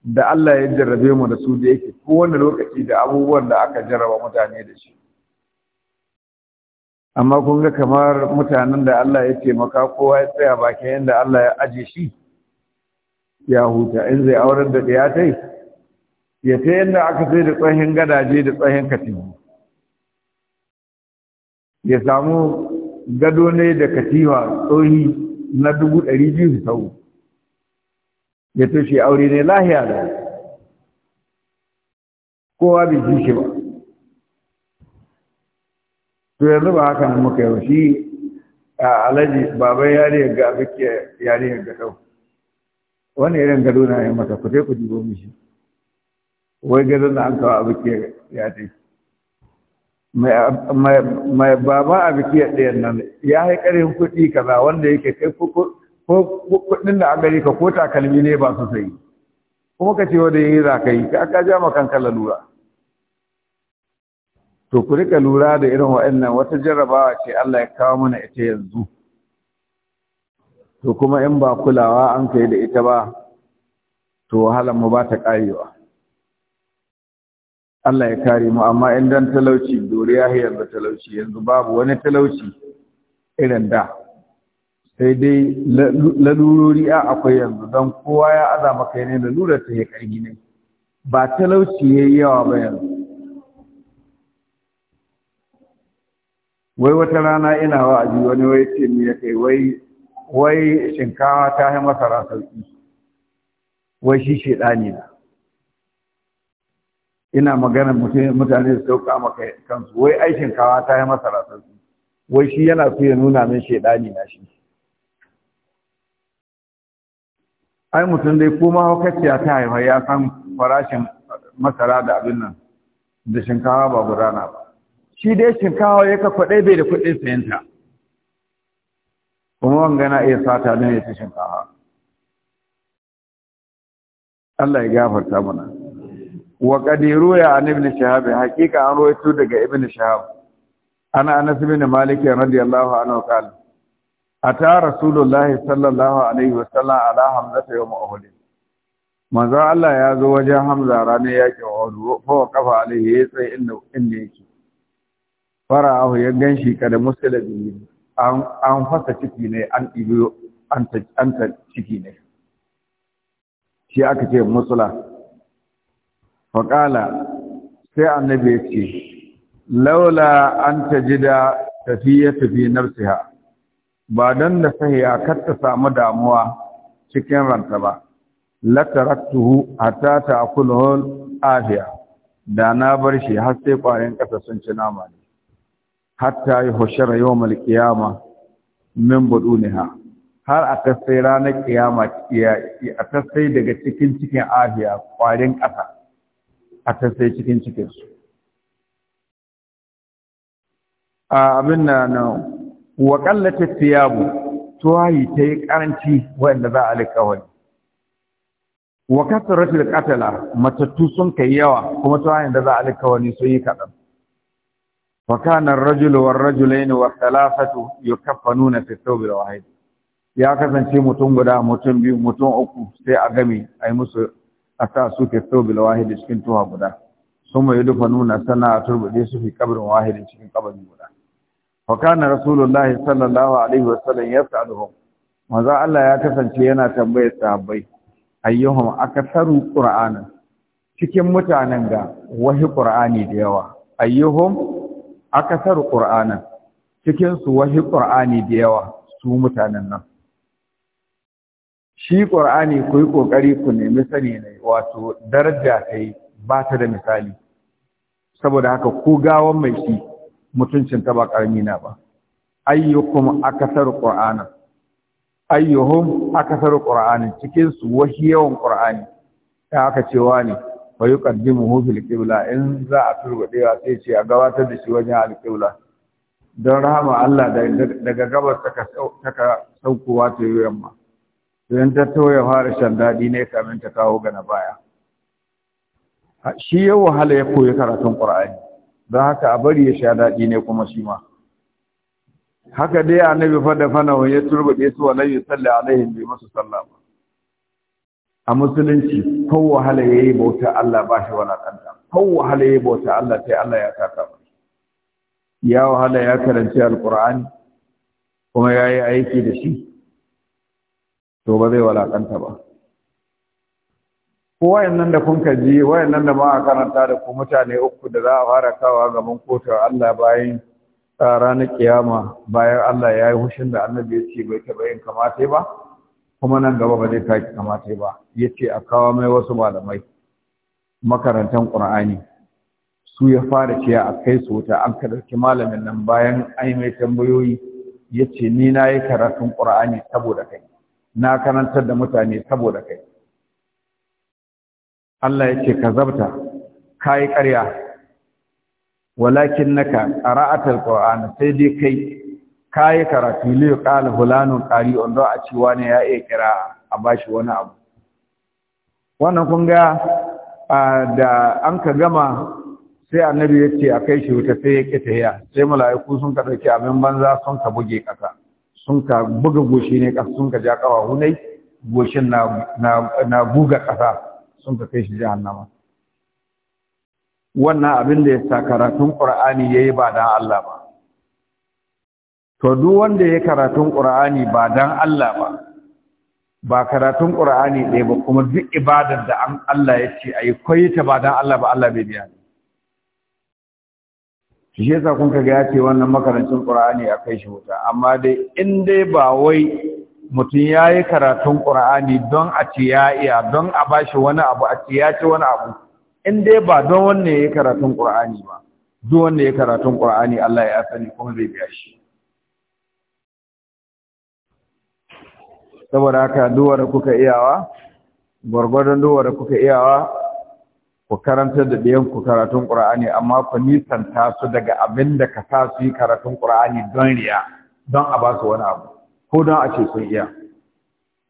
da Allah ya jarrabe mu da su da yake kowane lokaci da abubuwan da aka jarraba mutane da shi amma kun ga kamar mutanen da Allah ya taimaka kowa ya tsaya bakin yadda Allah ya aje shi ya huta in zai aurar da ɗaya tai ya ta yadda aka sai da tsohon gadaje da tsohon katibu ya samu gado ne da katiwa tsohi na dubu ɗari biyu sau ya to shi aure ne lahiya da kowa bai ji shi ba to yanzu ba haka muka yau shi a alaji baban yariyar ga abike yariyar ga dau. wani irin gado na yi mata kutai ku jibo mishi wai gado na an kawo abike ya ce mai baba abike ɗayan nan ya haikarin kuɗi kaza wanda yake kai ko kudin da amerika ka ko takalmi ne ba su sai kuma ka ce wanda yayi za ka yi ka ja makan kala lura to ku rika lura da irin wa'annan wata jarrabawa ce Allah ya kawo mana ita yanzu to kuma in ba kulawa an kai da ita ba to wahalar mu ba ta karewa Allah ya kare mu amma in dan talauci doriya yanzu talauci yanzu babu wani talauci irin da sai dai lalurori a akwai yanzu don kowa ya aza maka ne lura ta ya kargi ne ba talauci ya yi yawa ba yanzu wai wata rana ina wa aji wani wai ce mu ya kai wai wai shinkawa ta yi masara sauki wai shi shaidani na ina magana mutane su sauka maka kansu wai ai shinkawa ta yi masara sauki wai shi yana so ya nuna min shaidani na shi ai mutum dai kuma haukaciya ta haifa ya san farashin masara da abin nan da shinkawa ba gudana ba shi dai shinkawa ya ka kwaɗai bai da kuɗin sayanta kuma wangana iya sata don ya ci shinkawa Allah ya gafarta mana wa qadiru ya an ibn shahab hakika an ruwaito daga ibn shahab ana anas ibn malik radiyallahu anhu qala ata rasulullahi sallallahu alaihi wa wasallam ala hamzata yawm uhud manzo Allah ya zo wajen Hamza ranar yakin Uhud fa kafa alaihi ya tsaye inda inda yake fara'ahu ya ganshi kada musulabi an an fasa ciki ne an ibiyo an ta an ta ciki ne shi aka ce musula fa qala sai annabi ya ce laula an tajida tafiyatu fi nafsiha ba don da sahiya kar ta samu damuwa cikin ranta ba latarattuhu ta ta'kuluhu afiya da na bar shi har sai kwayan kasa sun ci nama ne hatta yuhshara yawmal qiyama min ha? har a sai ranar kiyama a sai daga cikin cikin afiya kwarin kasa a ta cikin cikin cikinsu. a abin na nan wa qallata thiyabu tuwayi ta yi karanci wanda za a alƙawari wa da katala matattu sun kai yawa kuma tuwayi da za a alƙawari su yi kadan wa kana ar-rajulu war-rajulayn wa-thalathatu yukaffanuna fi thawb wahid ya kasance mutum guda mutum biyu mutum uku sai a a yi musu a sa su fi thawb al-wahid cikin tuwa guda sun mai nuna sana a turbude su fi kabrin da cikin kabarin guda fa kana rasulullahi sallallahu alaihi wasallam yas'aluhum maza Allah ya kasance yana tambayar sahabbai ayyuhum akatharu qur'ana cikin mutanen ga wahi qur'ani da yawa ayyuhum akatharu qur'ana cikin su wahi qur'ani da yawa su mutanen nan shi ƙur'ani ku yi ƙoƙari ku nemi sani ne wato daraja kai ba ta da misali saboda haka ku gawan mai shi mutuncin ta ba karami na ba ayyukum akasar qur'ana ayyuhum akasar qur'ani cikin su wahi yawan qur'ani ta aka cewa ne wa yuqaddimuhu fil qibla in za a turbadewa sai ce a gabatar da shi wajen qibla don rahama Allah daga gabas ta saukowa ta wato yamma don ta ya fara shan daɗi ne kamin ta kawo gana baya shi yau wahala ya koyi karatun qur'ani don haka a bari ya sha daɗi ne kuma shi ma haka dai nabi fada fana wani ya turbaɗe su wa nabi a nahi bai masu sallah ba a musulunci ko wahala yi bauta Allah ba shi walakanta ko wahala yi bauta Allah sai Allah ya taka ba ya wahala ya karanci alqur'ani kuma ya yi aiki da shi to ba zai walakanta ba ko nan da kun ka ji nan da ma a karanta da ku mutane uku da za a fara kawa gaban kotar Allah bayan ranar kiyama bayan Allah ya yi hushin da annabi ya ce bai taɓa yin kamata ba kuma nan gaba ba zai sake kamata ba ya ce a kawo mai wasu malamai makarantan ƙur'ani su ya fara ciya a kai su wuta an ka ɗauki malamin nan bayan an mai tambayoyi ya ce ni na yi karatun ƙur'ani saboda kai na karantar da mutane saboda kai Allah ya ce ka zabta ka yi ƙarya walakin naka ƙara'atar ƙwa'ana sai dai kai ka yi karatu liyu ƙala hulanun ƙari wanda a ci wani ya iya kira a bashi wani abu wannan kun ga da an ka gama sai annabi ya ce a kai shi wuta sai ya ƙi ya sai mala'iku sun ka ɗauki abin banza sun ka buge ƙasa sun ka buga goshi ne ƙasa sun ka ja ƙawa hunai goshin na buga ƙasa sun ka kai shi jahannama wannan abin da ya sa karatun qur'ani yayi ba dan Allah ba to duk wanda ya karatun qur'ani ba dan Allah ba ba karatun ƙura'ani ɗaya ba kuma duk ibadar da an Allah ya ce a yi kwayi ta ba don Allah ba Allah bai biya ne. Shi yasa kun kaga ya ce wannan makarancin ƙura'ani a kai shi wuta, amma dai in dai ba wai mutum ya yi karatun ƙura'ani don a ci ya iya don a ba shi wani abu a ci ya ci wani abu in dai ba don wanne ya yi karatun ƙura'ani ba don wanne ya karatun ƙura'ani Allah ya sani kuma zai biya shi saboda haka duwa da kuka iyawa gwargwadon duwa da kuka iyawa ku karanta da ɗayan ku karatun ƙura'ani amma ku nisanta su daga abin da ka sa su yi karatun ƙura'ani don riya don a ba su wani abu ko don a ce sun iya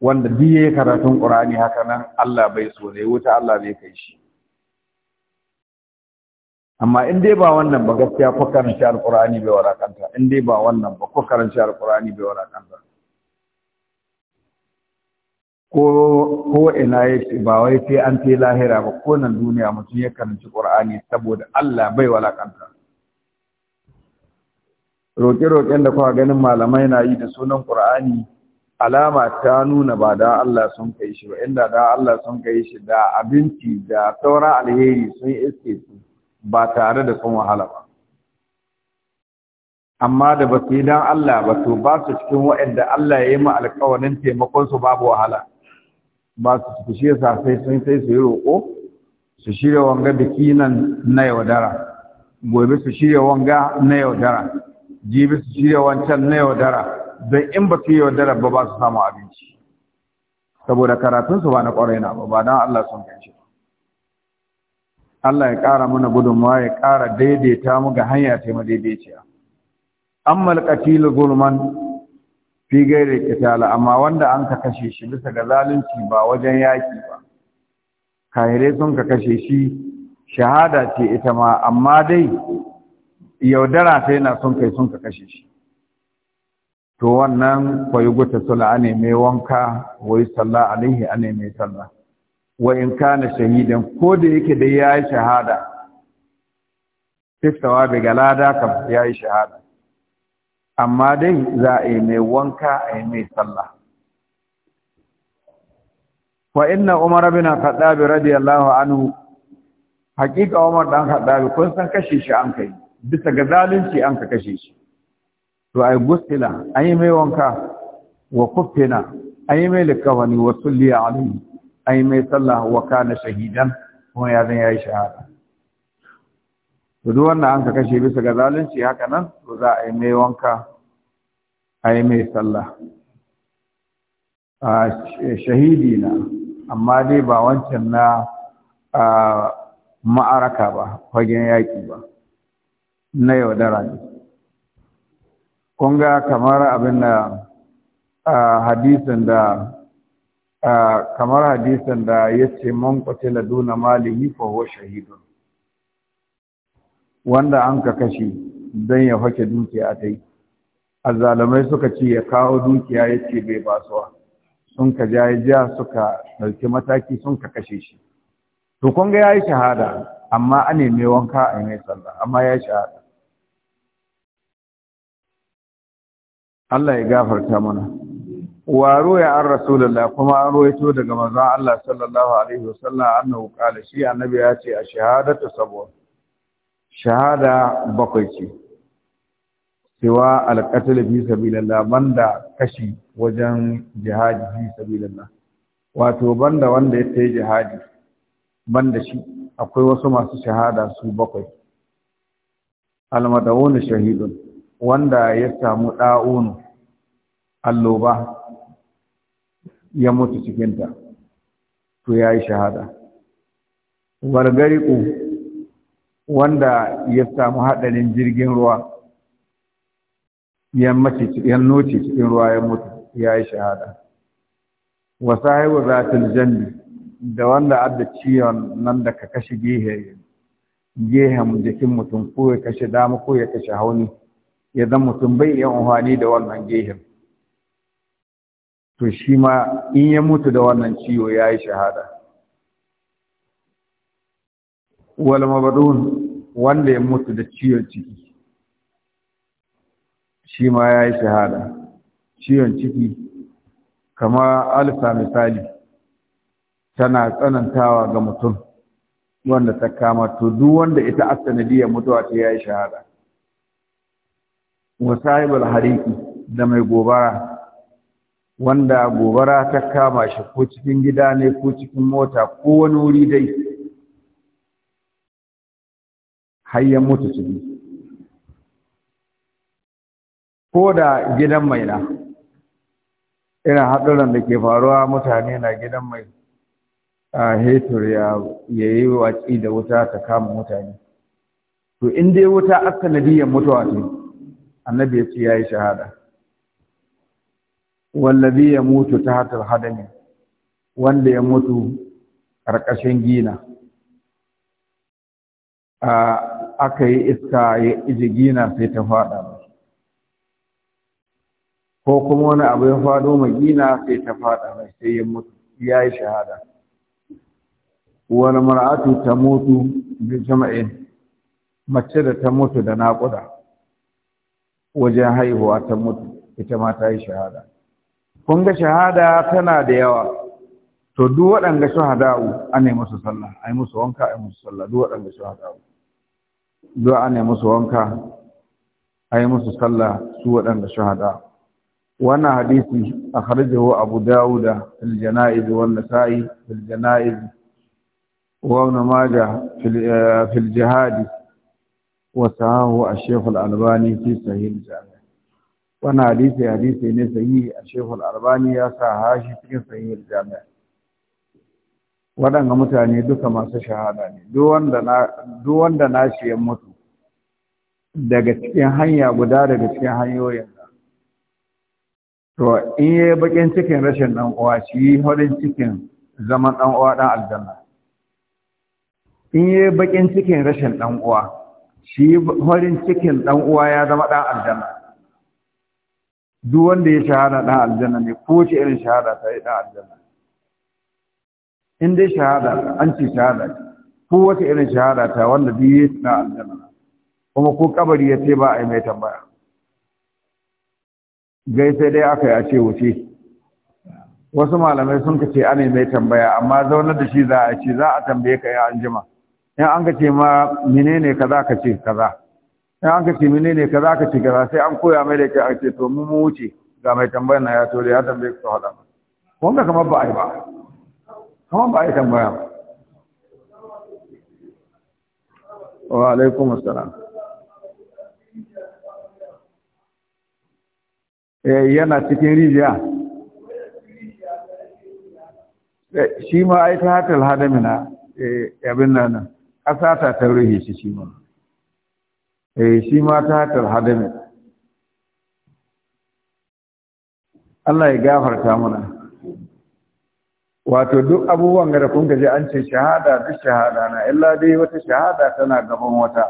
wanda biye karatun ƙurani haka nan Allah bai so ne wuta Allah ne kai shi amma in dai ba wannan ba gaskiya ko karanci alƙurani bai warakanta in dai ba wannan ba ko karanci alƙurani bai warakanta ko ko ina ya ce ba wai sai an ce lahira ba ko nan duniya mutum ya karanci ƙur'ani saboda Allah bai walakanta roƙe-roƙen da kuka ganin malamai na yi da sunan ƙur'ani alama ta nuna ba da Allah sun kai shi ba inda da Allah sun kai shi da abinci da sauran alheri sun iske su ba tare da sun wahala ba amma da ba su yi don Allah ba to ba su cikin waɗanda Allah ya yi ma alƙawarin taimakon su babu wahala ba su su shi yasa sai sun sai su yi roƙo su shirya wanga biki nan na yaudara gobe su shirya wanga na yaudara jibi su shirya wancan na yaudara don in ba su yaudara ba ba su samu abinci saboda karatunsu ba na ƙwarai na ba ba don Allah sun ganci Allah ya ƙara mana gudunmawa ya ƙara daidaita mu ga hanya ta madaidaiciya amma alƙatil gulman fi da kitala amma wanda an ka kashe shi bisa ga zalunci ba wajen yaƙi ba kahirai sun ka kashe shi shahada ce ita ma amma dai yaudara sai na son kai sun ka kashe shi to wannan kwayi guta sula ane mai wanka wai salla alaihi ane mai salla wa in na shahidan ko da yake dai ya yi shahada fiftawa bi galada kam ya yi shahada amma dai za a yi mai wanka a yi mai salla wa inna umar bin khattab radiyallahu anhu haqiqa umar dan khattab kun san kashe shi an kai bisa ga zalunci an ka kashe shi to ai gusila an mai wanka wa kuffina an yi mai likawani wa sulli alaihi an mai sallah wa kana shahidan kuma ya zan yayi shahada to duk wannan an ka kashe bisa ga zalunci haka nan to za a yi mai wanka a mai sallah a shahidi na amma dai ba wancan na ma'araka ba fagen yaƙi ba na yaudara ne kun kamar abin da hadisin da kamar hadisin da ya ce man kwatila laduna malihi fa shahidun wanda an ka kashe don ya hake dukiya ta yi azzalumai suka ce ya kawo dukiya ya ce bai basuwa sun ka ja ja suka ɗauki mataki sun ka kashe shi to kunga ya yi shahada amma an nemi wanka a yi mai sallah amma ya yi shahada Allah ya gafarta mana waro ya an rasulullah kuma an roito daga manzon Allah sallallahu alaihi wasallam annahu qala shi annabi ya ce a shahadatu sabuwa. shahada bakwai ce siwa alqatl fi sabilillah banda kashi wajen jihadi fi sabilillah wato banda wanda ya tayi jihadi banda shi akwai wasu masu shahada su bakwai almadawun shahidun wanda ya samu ɗa'unu alloba ya mutu cikinta to ya yi shahada wargariku wanda ya samu haɗarin jirgin ruwa ya noce cikin ruwa ya mutu ya yi shahada wasahibu zatul janni da wanda adda ciwon nan da ka kashe gehen jikin mutum ko ya kashe dama ko ya kashe hauni ya zan mutum bai iya amfani da wannan gehen to shi ma in ya mutu da wannan ciwo ya yi shahada wal mabadun wanda ya mutu da ciwon ciki shi ma ya yi shahada ciwon ciki kama alfa misali tana tsanantawa ga mutum wanda ta kama to duk wanda ita asanadiyar mutuwa ta ya yi shahada wa hariki da mai gobara wanda gobara ta kama shi ko cikin gida ne ko cikin mota ko wani wuri dai har mutu ciki ko da gidan mai na irin haɗuran da ke faruwa mutane na gidan mai a hetur ya yi watsi da wuta ta kama mutane to in dai wuta aka nadiyar mutuwa ce annabi ya ce ya yi shahada wallabi ya mutu ta hatar hadami wanda ya mutu ƙarƙashin gina aka yi iska ya iji gina sai ta faɗa ko kuma wani abu ya faɗo mai gina sai ta faɗa mai sai ya mutu ya yi shahada mara'atu ta mutu bin jama'in mace da ta mutu da naƙuda wajen haihuwa ta mutu ita ma ta yi shahada kun ga shahada tana da yawa to duk waɗanda shahada'u ana yi musu sallah a yi musu wanka a yi musu sallah duk waɗanda shahada'u duk ana yi musu wanka a yi musu sallah su waɗanda shahada'u wannan hadisi a wa abu dawuda fil jana'iz wa nasa'i fil jana'iz wa ibn eh, fil jihadi wasahahu ash-shaykh al-albani fi sahih al-jami' wannan hadisi hadisi ne sahihi ash-shaykh al-albani ya sa hashi cikin sahih al waɗanga mutane duka masu shahara ne duk wanda na shi ya mutu daga cikin hanya guda daga cikin hanyoyin to in yi bakin cikin rashin ɗan uwa shi horin cikin zaman ɗan uwa ɗan aljanna in yi bakin cikin rashin ɗan uwa shi farin cikin dan uwa ya zama dan aljanna duk wanda ya shahada dan aljanna ne ko ce irin shahada ta yi dan aljanna in dai shahada an ce shahada ko wata irin shahada ta wanda duk ya dan aljanna kuma ko kabari ya ce ba a yi mai tambaya gai sai dai aka yi a ce wuce wasu malamai sun ka ce ana mai tambaya amma zaunar da shi za a ce za a tambaye ka ya anjima in an ka ce ma menene kaza ka ce kaza in an ka ce menene kaza ka ce kaza sai an koya mai da ke a ce to mu mu wuce ga mai tambayar na ya tore ya tambaye ku hada wanda kamar ba a yi ba kamar ba a yi tambaya ba wa alaikum assalam eh, yana cikin rijiya eh, shi ma ai ta hatar hadamina eh, abin nan ƙasa ta ta ruhe shi shi ma eh shi ma ta hatar hadami Allah ya gafarta mana wato duk abubuwan da kun gaji an ce shahada duk shahada na illa dai wata shahada tana gaban wata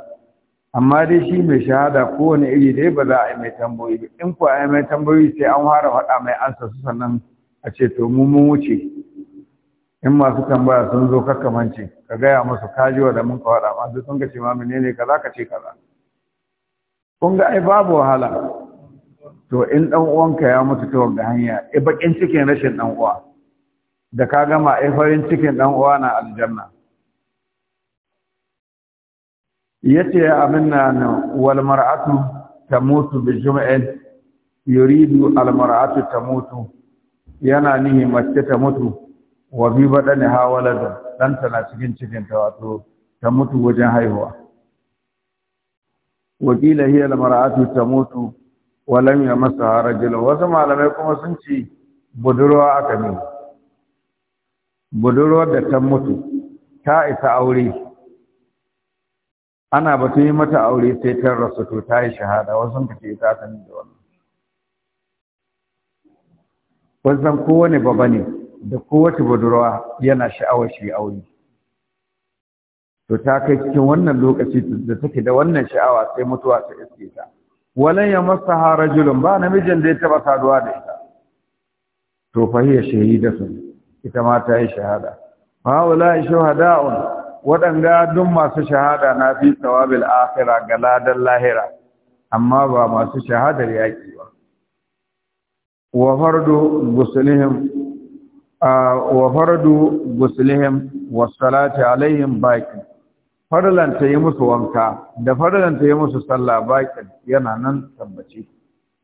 amma dai shi mai shahada kowane iri dai ba za a yi mai tambayoyi in ko a yi mai tambayoyi sai an fara faɗa mai ansa su sannan a ce to mu mun wuce in masu tambaya sun zo kakkamance ka gaya musu kajiwa da mun kawada masu sun ka ce ma menene kaza ka ce kaza kun ga ai babu wahala to in dan uwanka ya mutu ta wanda hanya e bakin cikin rashin dan uwa da ka gama ai farin cikin dan uwa na aljanna yace na wal mar'atu tamutu bi jum'in yuridu al mar'atu tamutu yana nihi mace ta mutu wa bi badani ha walada dan tana cikin cikin ta wato ta mutu wajen haihuwa kila hiya mar'atu tamutu wa lam yamassaha rajul wasu malamai kuma sun ci budurwa aka ne budurwar da ta mutu ta isa aure ana ba yi mata aure sai ta rasu to ta yi shahada wasu sun kace ta sani da wannan wannan kowane baba ne da kowace budurwa yana sha'awar shi aure to ta kai cikin wannan lokaci da take da wannan sha'awa sai mutuwa ta iske ta walan ya masaha rajulun ba namijin da ya taba saduwa da ita to fa hiya su. ita ma ta yi shahada fa wala shuhada'un wadanga duk masu shahada na fi sawabil akhirah galadan lahira amma ba masu shahadar yaki ba wa fardu gusulihim wa faradu guslihim wa salati alaihim baqi ta yi musu wanka da ta yi musu sallah baqi yana nan tabbaci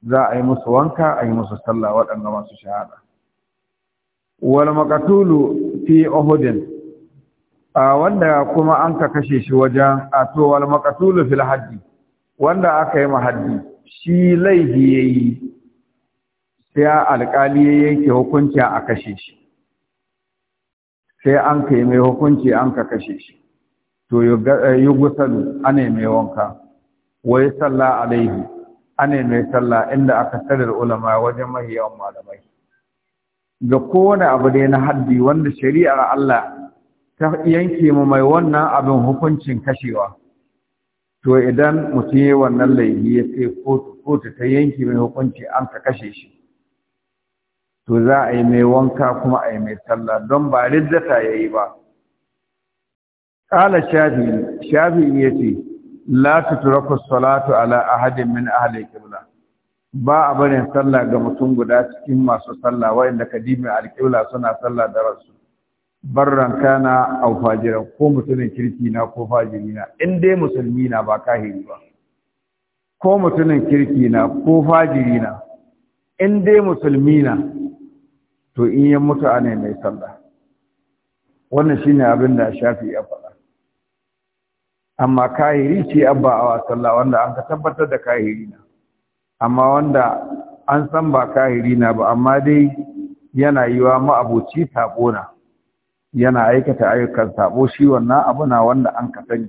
za a yi musu wanka a yi musu sallah waɗanda masu shahada wal maqatulu fi uhudin wanda kuma an ka kashe shi wajen ato wal maqatulu fil haddi wanda aka yi mahaddi shi laifi yayi sai alƙali ya yanke hukunci a kashe shi sai an kai mai hukunci an ka kashe shi to yi eh, gusalu ana mai wanka wai salla alaihi ane mai salla inda aka sadar ulama wajen mahi yawan malamai ga kowane abu dai na haddi wanda shari'ar Allah ta yanke mu mai wannan abin hukuncin kashewa to idan mutum yi wannan laifi ya sai kotu ta yanke mai hukunci an ka kashe shi to za a yi mai wanka kuma a yi mai sallah don ba riddata ya yi ba ƙala shafi, shafi ya ce la tutraku salatu ala ahadin min ahli kibla ba a barin sallah ga mutum guda cikin masu sallah wa'inda kadimi alqibla suna sallah da rasu ranka na aw fajiran ko mutumin kirki na ko fajiri na in dai musulmi na ba kahiri ba ko mutumin kirki na ko fajiri na in dai musulmi na to in ya mutu ana mai sallah wannan shine abin da shafi ya faɗa amma kahiri ce abba a sallah wanda an ka tabbatar da kahiri na amma wanda an san ba kahiri na ba amma dai yana yiwa ma'aboci sabo na yana aikata ayyukan sabo shi wannan abu na wanda an ka sani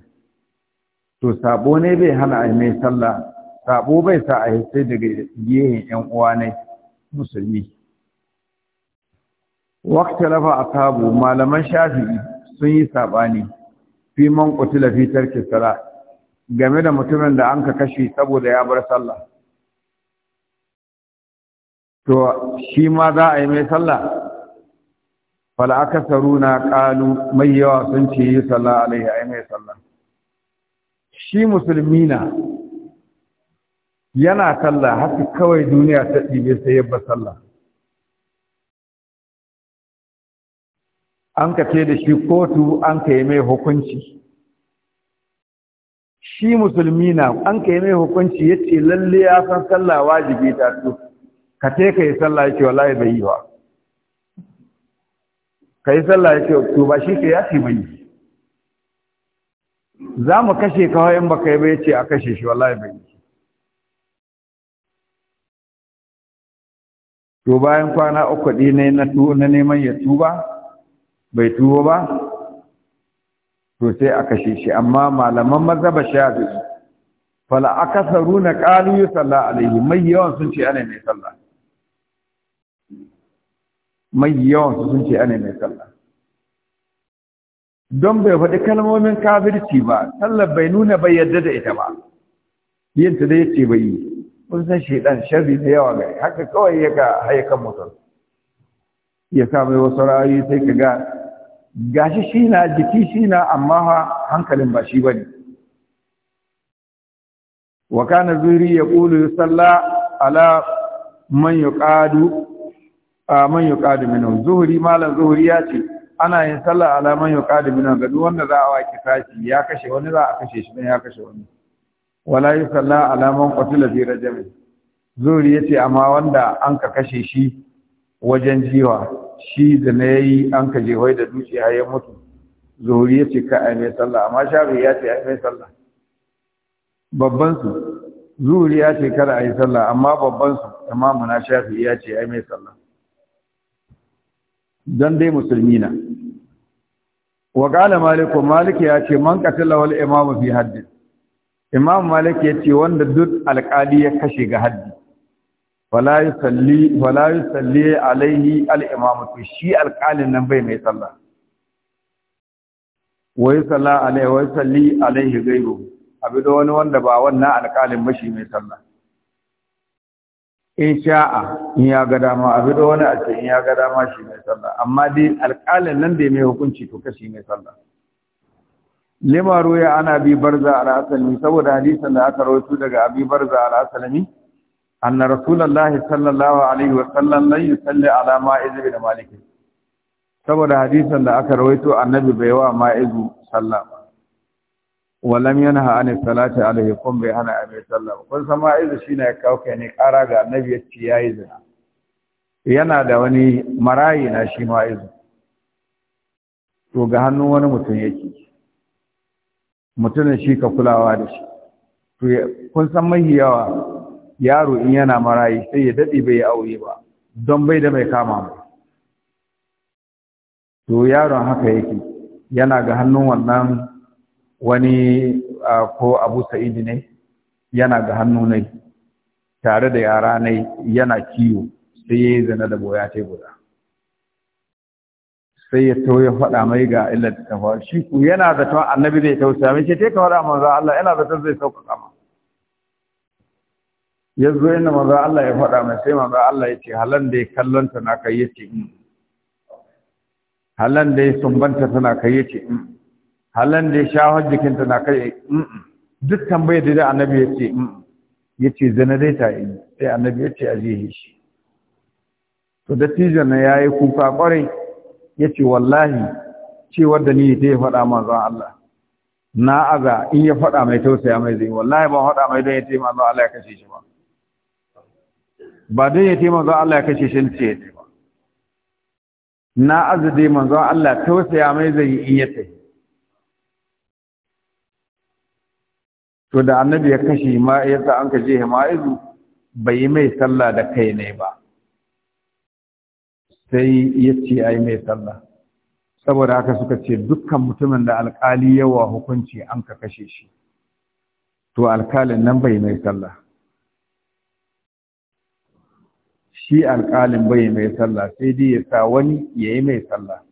to sabo ne bai hana a mai sallah sabo bai sa a sai daga gehen yan uwa ne musulmi waqtalafa ashabu malaman shafi'i sun yi sabani fi man qutila fi tarki salat game da mutumin da anka kashe saboda ya bar sallah to shi ma za a yi mai sallah fal akasaruna qalu mai yawa sun ce yi sallah alaihi ai mai sallah shi musulmi na yana sallah haka kawai duniya ta ɗibe sai ya bar sallah an ka ce da shi kotu an ka yi mai hukunci shi musulmi na an ka yi mai hukunci ya ce lalle ya san sallah wajibi ta su ka te ka yi sallah ya ce wallahi bai yi wa ka yi sallah ya ce to ba shi ka ya ce bai yi za mu kashe kawai in baka yi bai ce a kashe shi wallahi bai yi to bayan kwana uku ɗi na neman ya tuba bai tuwo ba to sai a kashe shi amma malaman mazhaba shafi'i fala na qali yusalla alaihi mai yawan sun ce ana mai sallah mai yawan sun ce ana mai sallah don bai faɗi kalmomin kafirci ba sallar bai nuna bai yadda da ita ba yin ta dai ce bai yi kun san shedan sharri da yawa gari haka kawai ya ga haikan mutum ya samu wasu ra'ayi sai ka ga gashi shi na jiki shi na amma hankalin ba shi ba ne wa kana zuri ya ƙulu salla ala man yuqadu man yuqadu minhu zuhri malan zuhri ya ce ana yin salla ala man ƙadu minan ga duk wanda za a waki sashi ya kashe wani za a kashe shi ne ya kashe wani wala yusalla ala man lafira fi zuhuri zuhri ce amma wanda an ka kashe shi wajen jiwa shi da na yi an ka jewai da dukiya ya mutu zuhuri ya ce ka a mai sallah amma shafi ya ce a mai sallah babban su zuhuri ya ce kada a yi sallah amma babban su imamu na shafi ya ce a mai sallah don dai musulmi na wa qala malik malik ya ce man qatala wal imam fi Haddi. imam malik ya ce wanda duk alƙali ya kashe ga haddi fala yusalli fala alaihi al to shi alƙalin nan bai mai sallah wa yusalla alaihi wa yusalli alaihi ghayru abin da wani wanda ba wannan alƙalin ba shi mai sallah in sha'a in ya ga dama abu da wani a ce in ya ga dama shi mai sallah amma dai alƙalin nan ya mai hukunci to kashi mai sallah lima Ruwa ana bi barza al-asalmi saboda hadisan da aka rawaito daga abi barza al-asalmi anna rasulullahi sallallahu alaihi wa sallam lan yusalli ala ma'iz bin malik saboda hadisin da aka rawaito annabi bai wa ma'izu sallah wa lam yanha an salati alaihi kun bai hana abi sallah kun san ma'izu shine ya kawo kai ne kara ga annabi yace yayi zina yana da wani marayi na shi ma'izu to ga hannun wani mutum yake mutumin shi ka kulawa da shi to kun san mahiyawa yaro in yana marayi sai ya daɗe bai aure ba don bai da mai kama ba to yaron haka yake yana ga hannun wannan wani ko abu Sa'id ne yana ga hannu ne tare da yara ne yana kiwo sai ya yi zane da boya ta guda sai ya to ya faɗa mai ga illar ta faru shi ku yana zaton annabi zai tausaya mai ce ka faɗa manzo Allah yana zaton zai sauka kama. yanzu yana maza Allah ya faɗa mai sai maza Allah ya ce halan da ya kallonta na kai ya ce in mm. halan da ya sumbanta tana kai ya ce in mm. halan da ya sha jikinta na kai in mm. duk tambayar da annabi ya ce in ya ce zana dai ta yi sai annabi ya ce a zai shi to dattijan na ya yi kuka kwarai ya ce wallahi cewar da ni ta ya faɗa maza Allah na aza in ya faɗa mai tausaya mai zai wallahi ban faɗa mai don ya taimaka Allah ya kashe shi ba ba dai ya taimaka zuwa Allah ya kashe shi ne ce ba na azade zuwa Allah tausaya mai zai in ya tafi to da annabi ya kashe ma yadda an kaje himaizu bai yi mai sallah da kai ne ba sai ya ce ai mai sallah saboda haka suka ce dukkan mutumin da alkali yawa hukunci an ka kashe shi to alkalin nan bai mai sallah shi alƙalin bai mai sallah sai dai ya sa wani ya yi mai sallah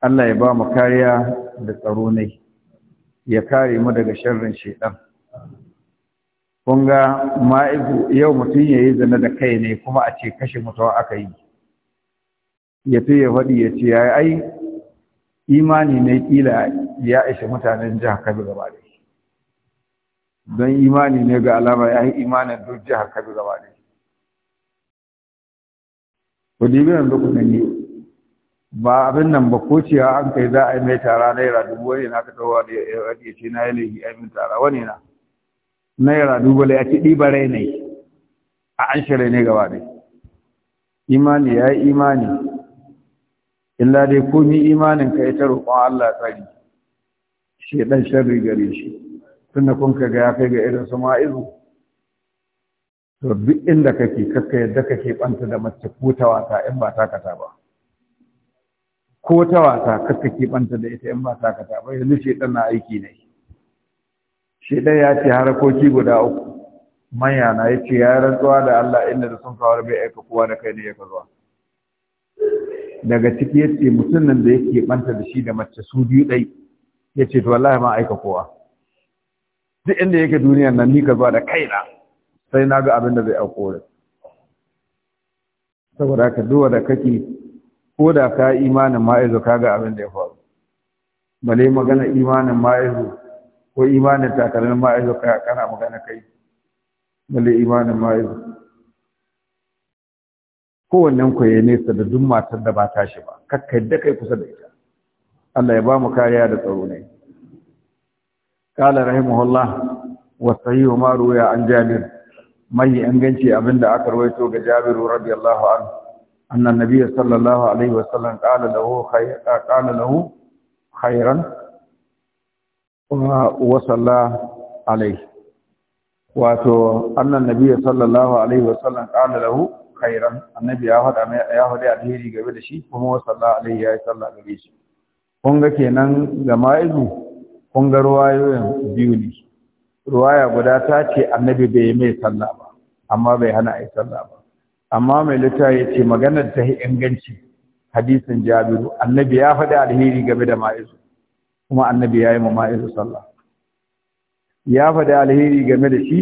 Allah ya ba mu kariya da tsaro ne ya kare mu daga sharrin shaidan kun ga yau mutum ya yi zane da kai ne kuma a ce kashe mutuwa aka yi ya fi ya faɗi ya ce ya yi ai imani ne ƙila ya ishe mutanen jihar kabi gaba ɗaya don imani ne ga alama ya yi imanin duk jihar kabi gaba ne ku dibi yanzu ku gani ba abin nan ba ko cewa an kai za a yi mai tara naira dubu wani na ka tawa da ya ce na yi laifi a tara wani na naira dubu ya ce ɗiba rai ne a an shirai ne gaba ne imani ya yi imani illa dai komi imanin ka ya ta roƙon Allah tsari shi ɗan sharri gare shi Tunda kun ka ga ya kai ga irin su ma'izu to duk inda kake kakka yadda kake banta da mace ko ta wata in ba takata ba ko ta wata kakka ke banta da ita in ba takata ba yanzu shedan na aiki ne dan ya ce harakoki guda uku manya na ya ce ya rantsuwa da Allah inda da sun kawar bai aika kowa da kai ne ya zuwa daga ciki ya ce mutum nan da yake banta da shi da mace su biyu ɗai ya ce to wallahi ma aika kowa duk inda yake duniyan nan ni ka zuwa da kaina sai na ga abin da zai auko aukore saboda ka duwa da kake ko da ka imanin ma'izu ka ga abin da ya faru bale magana imanin ma'izu ko imanin takalmin ma'izu kana magana kai bale imanin ma'izu kowannen ku ya nesa da duk matar da ba tashi ba kakkai da kai kusa da ita Allah ya ba mu kariya da tsaro ne kala rahimahullah wa sahihu ma ruya an jabir mai inganci abinda aka rawaito ga jabiru radiyallahu anhu anna nabiy sallallahu alaihi wasallam qala lahu khayra qala lahu khayran wa salla alaihi wato annan nabiy sallallahu alaihi wasallam qala lahu khairan annabi ya faɗa mai ya faɗi alheri game da shi kuma wa sallallahu alaihi ya sallallahu alaihi kun ga kenan ga ma'izu kun ga ruwayoyin biyu ne ruwaya guda ta ce annabi bai mai sallah ba amma bai hana a yi sallah ba amma mai littafi ya ce maganar ta inganci hadisin jabiru annabi ya faɗi alheri game da ma'izu kuma annabi ya yi ma ma'izu sallah ya faɗi alheri game da shi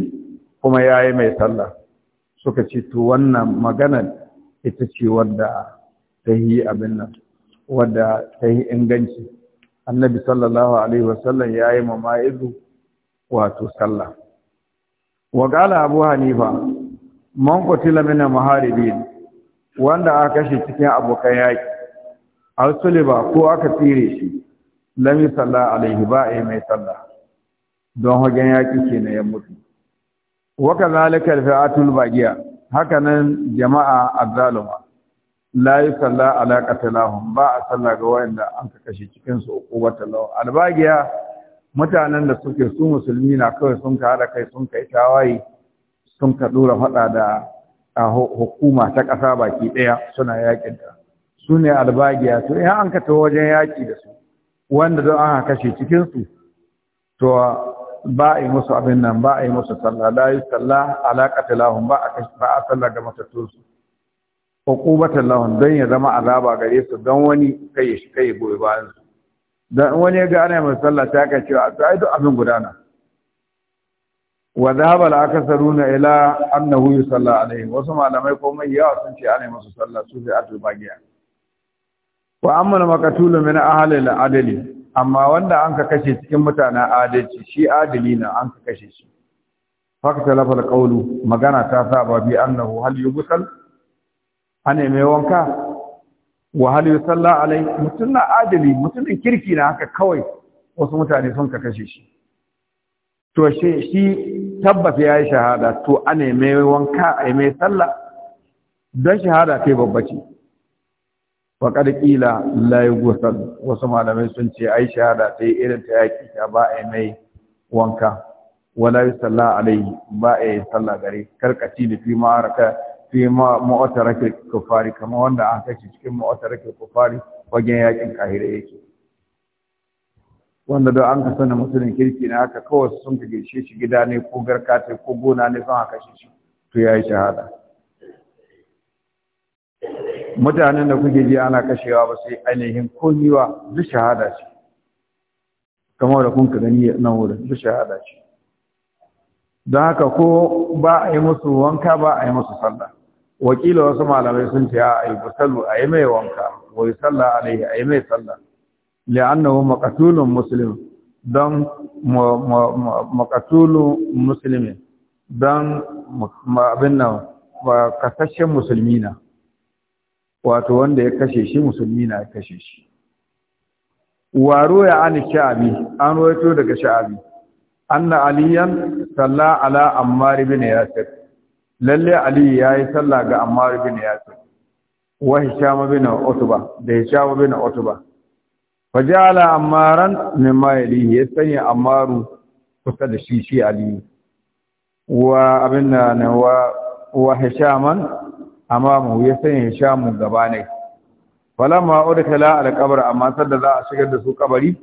kuma ya yi mai sallah suka ce to wannan maganar ita ce wadda ta yi abin nan wadda ta yi inganci annabi sallallahu alaihi wasallam ya yi ma ma'izu wato sallah wa abu hanifa man qutila min muharibin wanda aka kashe cikin abokan yaki aw suliba ko aka tsire shi Lami sallah, alaihi ba ai mai sallah don hagen yaki na ya mutu wa kadhalika al-fi'atul Haka nan jama'a azzaluma la yi salla ala ba a salla ga wanda an ka kashe cikin uku wata law albagiya mutanen da suke su musulmi na kawai sun ka hada kai sun kai tawaye sun ka ɗora faɗa da hukuma ta ƙasa baki ɗaya, suna yaƙin ta su ne albagiya to in an ka wajen yaƙi da su wanda don an kashe cikin su to ba a yi musu abin nan ba a yi musu sallah la yi salla ala qatalahum ba ba ga matattun hukubatan lahum don ya zama azaba gare su don wani kai ya shiga ya goyi bayan su dan wani ya ga ana mai sallah ta ka cewa to ai duk abin gudana wa dhahaba al-akasaruna ila annahu yusalla alaihi wasu malamai komai yawa sun ce ana masu sallah su sai atul bagiya wa amma makatulu min ahli al-adli amma wanda an ka kashe cikin mutanen adalci shi adali na an ka kashe shi fakta lafal qawlu magana ta sa ba bi annahu hal yubsal Ane mai wanka wa hal yusalla alai mutum na adali mutumin kirki na haka kawai wasu mutane sun ka kashe shi to shi shi tabbata yayi shahada to ane mai wanka ai mai sallah dan shahada kai babbace faƙar ƙila la gusar wasu malamai sun ce ai shahada ta yi irin ta yaki ta ba a mai wanka wala yusalla sallah alaihi ba a yi sallah gare karkaci da fi maraka fi mu'tarake kufari kamar wanda an kashe cikin mu'tarake kufari wajen yakin kahira yake wanda da an ka sanin mutumin kirki na haka kawai sun ka gishe shi gida ne ko garka ko gona ne sun haka shi to yayi shahada mutanen da kuke ji ana kashewa ba sai ainihin komiwa duk shahada ce kamar da kun ka gani nan wurin duk shahada ce don haka ko ba a yi musu wanka ba a yi musu sallah wakilu wasu malamai sun ce a yi busallu a yi mai wanka wa yi sallah alaihi a yi mai sallah li'annahu makatulun muslim don makatulun musulmi don abin nan ba kasashen musulmi na wato wanda ya kashe shi musulmi na ya kashe shi waro ya ani sha'abi an roito daga sha'abi anna aliyan salla ala ammar ibn yasir lalle ali yayi sallah ga ammar bin yasir wa hisham bin utba da hisham bin utba fajala ammaran mimma yalihi ya sanya ammaru kusa da shi shi ali wa abinna na wa wa hishaman amamu ya sanya hishamu gaba ne falamma udkhala alqabr amma sadda za a shigar da su kabari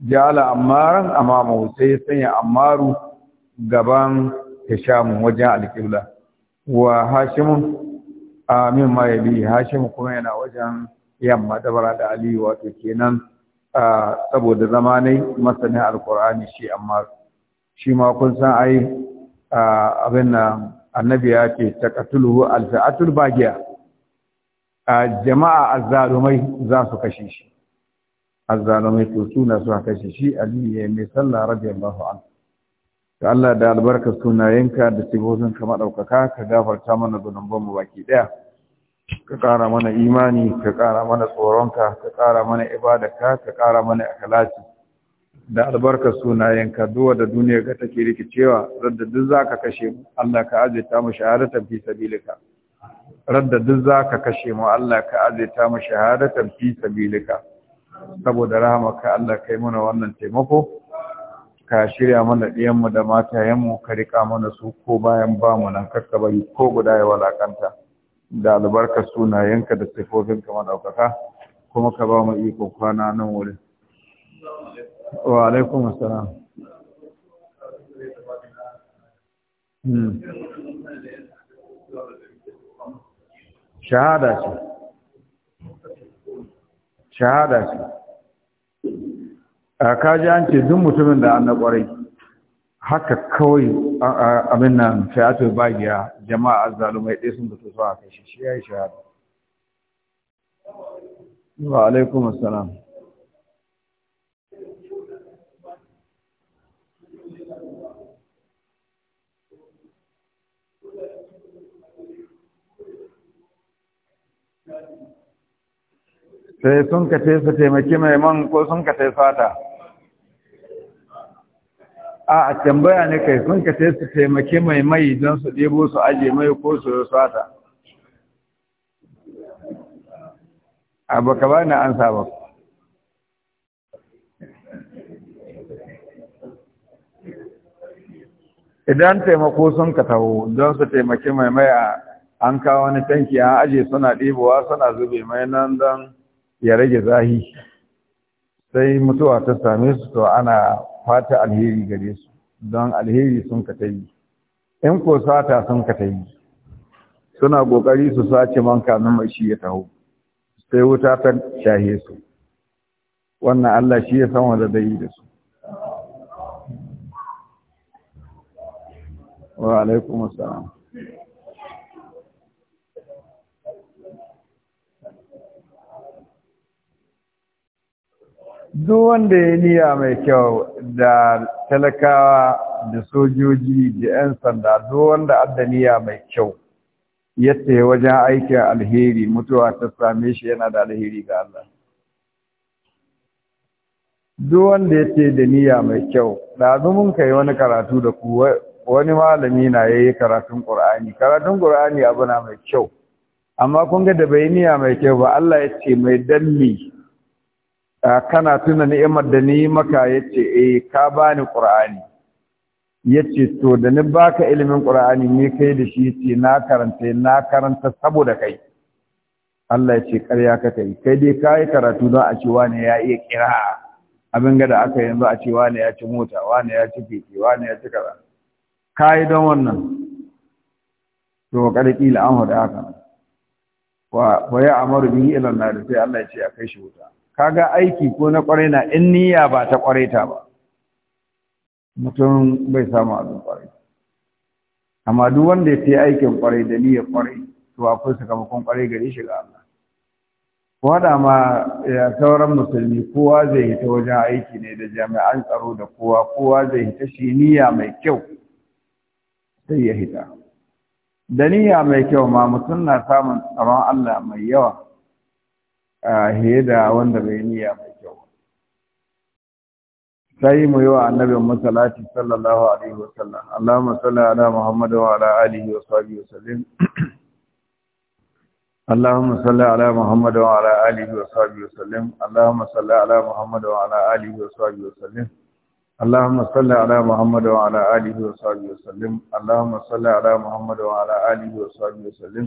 jala ammaran amamu sai ya sanya ammaru gaban hishamu wajen alqibla wa A min ma yabi hashim kuma yana wajen yamma dabara da Aliyu wato kenan saboda zamanai masanin alkur'ani shi amma shi ma kun san ai abin na annabi ya ce taqatuluhu alfa'atul bagiya jama'a azzalumai za su kashe shi azzalumai to suna su kashe shi ali ne mai sallah radiyallahu anhu da Allah da albarkar sunayenka da sifofin maɗaukaka maɗaukaka ka gafarta mana mu baki ɗaya ka ƙara mana imani ka ƙara mana tsoronka ka ƙara mana ibadarka ka ƙara mana akalaci da albarkar sunayenka duwa da duniyar ga take rikicewa radda duk za ka kashe mu Allah ka azaita mu shahadatan fi sabilika radda duk za ka kashe mu Allah ka mu shahadatan fi sabilika saboda rahamarka Allah kai mana wannan taimako ka shirya mana ɗiyanmu da matayenmu ka riƙa mana su ko bayan ba mu nan kakka bari ko guda ya walakanta da albarkar sunayenka da ka maɗaukaka kuma ka ba mu iko kwana nan wurin wa alaikum assalam hmm. shahada ce shahada ce ka ji an ce duk mutumin da an na kwarai haka kawai abin nan fiyatul bagiya jama'a azzalumai ɗaya sun da su a kai shi shi ya yi shahada wa alaikum assalam sai sun ka taimaki mai man ko sun ka ta a tambaya ne kai sun ka sai su taimake mai mai don su ɗebo su aje mai ko su yi sata a baka ba na an saba idan taimako sun ka taho don su taimake mai mai a an kawo wani tanki an aje suna ɗebowa suna zube mai nan don ya rage zahi sai mutuwa ta same su to ana fata alheri gare su don alheri sun ka ta yi in ko sata sun ka ta yi suna ƙoƙari su sace man kamin mai shi ya taho sai wuta ta shahe su wannan Allah shi ya san wanda zai yi da su wa alaikum assalam duk wanda ya niya mai kyau da talakawa da sojoji da 'yan sanda duk wanda addaniya mai kyau yadda ya wajen aikin alheri mutuwa ta same shi yana da alheri ga Allah duk wanda ya ce da niyya mai kyau ɗazu mun kai wani karatu da ku wani malami na yayi karatun ƙur'ani karatun ƙur'ani abu na mai kyau amma kun ga da bai niyya mai kyau ba Allah ya ce mai danni Ah, kana tuna ni'imar da ni maka yace eh ka bani qur'ani yace to da ni baka ilimin qur'ani ni kai da shi yace na karanta na karanta saboda kai Allah ya ce ƙarya ka kai kai dai kai karatu don a ce wani ya iya kira abin ga da aka yanzu a ci wani ya ci mota wani ya ci keke wani ya ci kaza kai don wannan to karki la da haka wa wa ya amaru bihi ila nar sai Allah ya ce a kai shi wuta kaga aiki ko na kwarai na in niyya ba ta kwarai ta ba mutum bai samu abin kwarai amma duk wanda ya fi aikin kwarai da niyyar kwarai to akwai sakamakon kwarai gari shiga Allah ko hada ma ya eh, sauran musulmi kowa zai hita wajen aiki ne da jami'an tsaro da kowa kowa zai hita shi niyya mai kyau sai ya hita da niyya mai kyau ma mutum na samun tsaron Allah mai yawa hiye da wanda bai niyya mai kyau sai mu yi wa annabin masalati sallallahu alaihi wasallam Allahumma salli ala Muhammad wa ala alihi wa sahbihi wasallim Allahumma salli ala Muhammad wa ala alihi wa sahbihi wasallim Allahumma salli ala Muhammad wa ala alihi wa sahbihi wasallim alihi wa sahbihi wa sallim Allahumma salli ala Muhammad wa ala alihi wa sahbihi wa sallim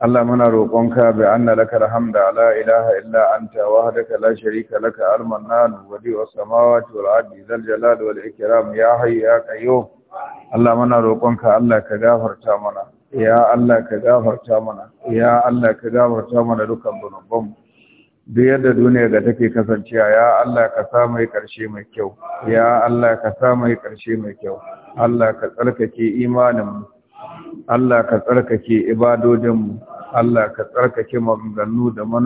Allah muna roƙonka bi anna laka alhamda la ilaha illa anta wahdaka la sharika laka al-mannan wa diwa samawati wal ardi zal jalali wal ikram ya hayyu ya qayyum Allah muna roƙonka Allah ka gafarta mana ya Allah ka gafarta mana ya Allah ka gafarta mana dukan zunubanmu duk yadda duniya ga take kasancewa ya Allah ka sa mai karshe mai kyau ya Allah ka sa mai karshe mai kyau Allah ka tsarkake imanin mu Allah ka tsarkake ibadodinmu Allah ka tsarkake maganganu da mu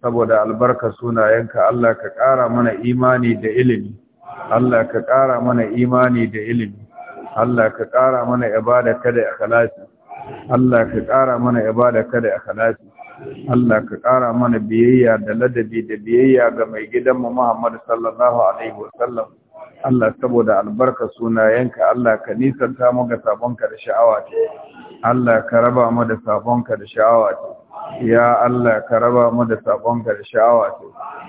saboda albarka sunayenka Allah ka ƙara mana imani da ilimi Allah ka ƙara mana imani da ilimi Allah ka ƙara mana ibada kada ikhlasi Allah ka ƙara mana ibada kada ikhlasi Allah ka ƙara mana biyayya da ladabi da biyayya ga mai gidanmu Muhammad sallallahu alaihi wasallam Allah saboda albarka sunayenka Allah ka nisanta mu ga sabonka da sha'awa ta Allah ka raba mu da sabonka da sha'awa ta ya Allah ka raba mu da sabonka da sha'awa ta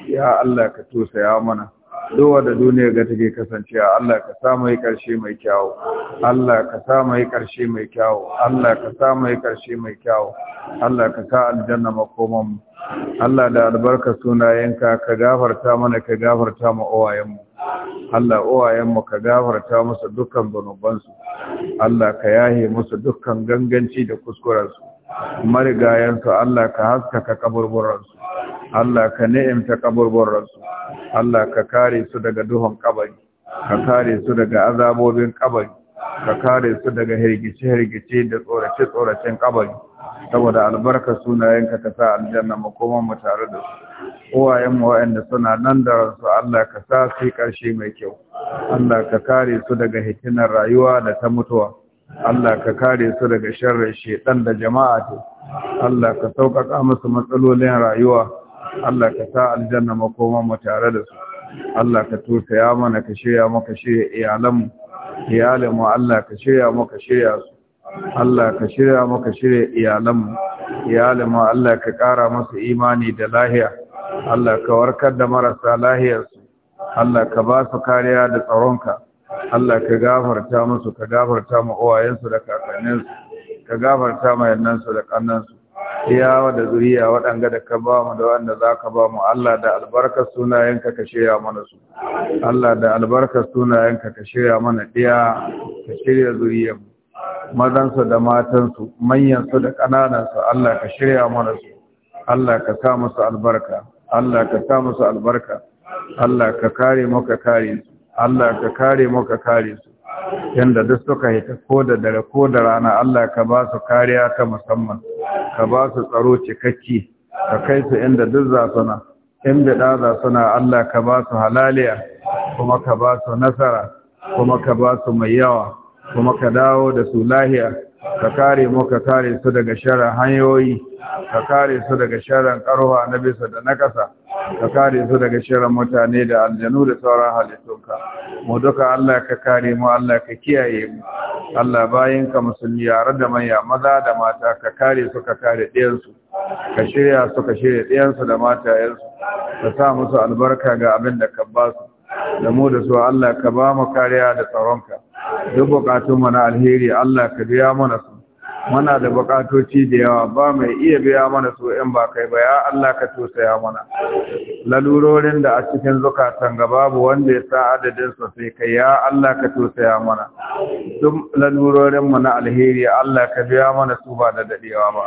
ya Allah ka tosaya mana duwa da duniya ga take kasancewa Allah ka sa mai karshe mai kyau Allah ka sa mai karshe mai kyau Allah ka sa mai karshe mai kyau Allah ka sa aljanna makoman Allah da albarka sunayenka ka gafarta mana ka gafarta mu uwayenmu Allah uwayenmu ka gafarta musu dukkan banubansu, Allah ka yahe musu dukkan ganganci da kuskurensu marigayensu Allah ka haskaka kaburburansu Allah ka ni'imta kaburburansu Allah ka kare su daga duhun kabari ka kare su daga azabobin kabari ka kare su daga hirgice-hirgice da tsorace-tsoracen kabari saboda albarka sunayenka ka sa aljanna mu koma mu tare da su uwayen mu waɗanda suna nan da ransu Allah ka sa su ƙarshe mai kyau Allah ka kare su daga hikimar rayuwa da ta mutuwa Allah ka kare su daga sharrin shedan da jama'a ta Allah ka sauƙaƙa musu matsalolin rayuwa Allah ka sa aljanna makoman mu tare da su Allah ka ya mana ka shirya maka shirya iyalanmu mu Allah ka shirya maka shirya su Allah ka shirya maka shirya iyalanmu mu Allah ka ƙara musu imani da lahiya Allah ka warkar da marasa lahiyarsu Allah ka ba su kariya da tsaronka Allah ka gafarta musu ka gafarta mu uwayensu da kakanninsu ka gafarta ma yannansu da kannansu iyawa da zuriya waɗanda da ka ba mu da wanda za ka ba mu Allah da albarkar sunayenka ka shirya mana su Allah da albarkar sunayenka ka shirya mana ɗiya ka shirya zuriyar mazansu da matansu manyansu da ƙananansu Allah ka shirya mana su Allah ka sa musu albarka Allah ka sa musu albarka Allah ka kare mu ka kare su Allah ka kare mu kare su yanda duk suka hita ko da dare ko da rana Allah ka ba su kariya ta musamman ka ba su tsaro cikakki, ka kai su inda duk za su na Inda za su Allah ka ba su halaliya kuma ka ba su nasara kuma ka ba su mai yawa kuma ka dawo da su lahiya ka kare mu ka kare su daga sharar hanyoyi ka kare su daga sharan karuwa na bisa da na ƙasa ka kare su daga sharan mutane da aljanu da sauran halittunka mu duka Allah ka kare mu Allah ka kiyaye mu Allah bayan ka musulmi yare da manya maza da mata ka kare su ka kare su ka shirya su ka shirya su da matayensu ka sa musu albarka ga abin da ka ba su da mu da su Allah ka ba mu kariya da tsaronka duk bukatunmu na alheri Allah ka biya mana su muna da bukatoci da yawa ba mai iya biya mana su in ba kai ba ya Allah ka tosaya mana lalurorin da a cikin zukatan ga babu wanda ya sa adadin su sai kai ya Allah ka tosaya mana duk lalurorin mu na alheri Allah ka biya mana su ba da dadewa ba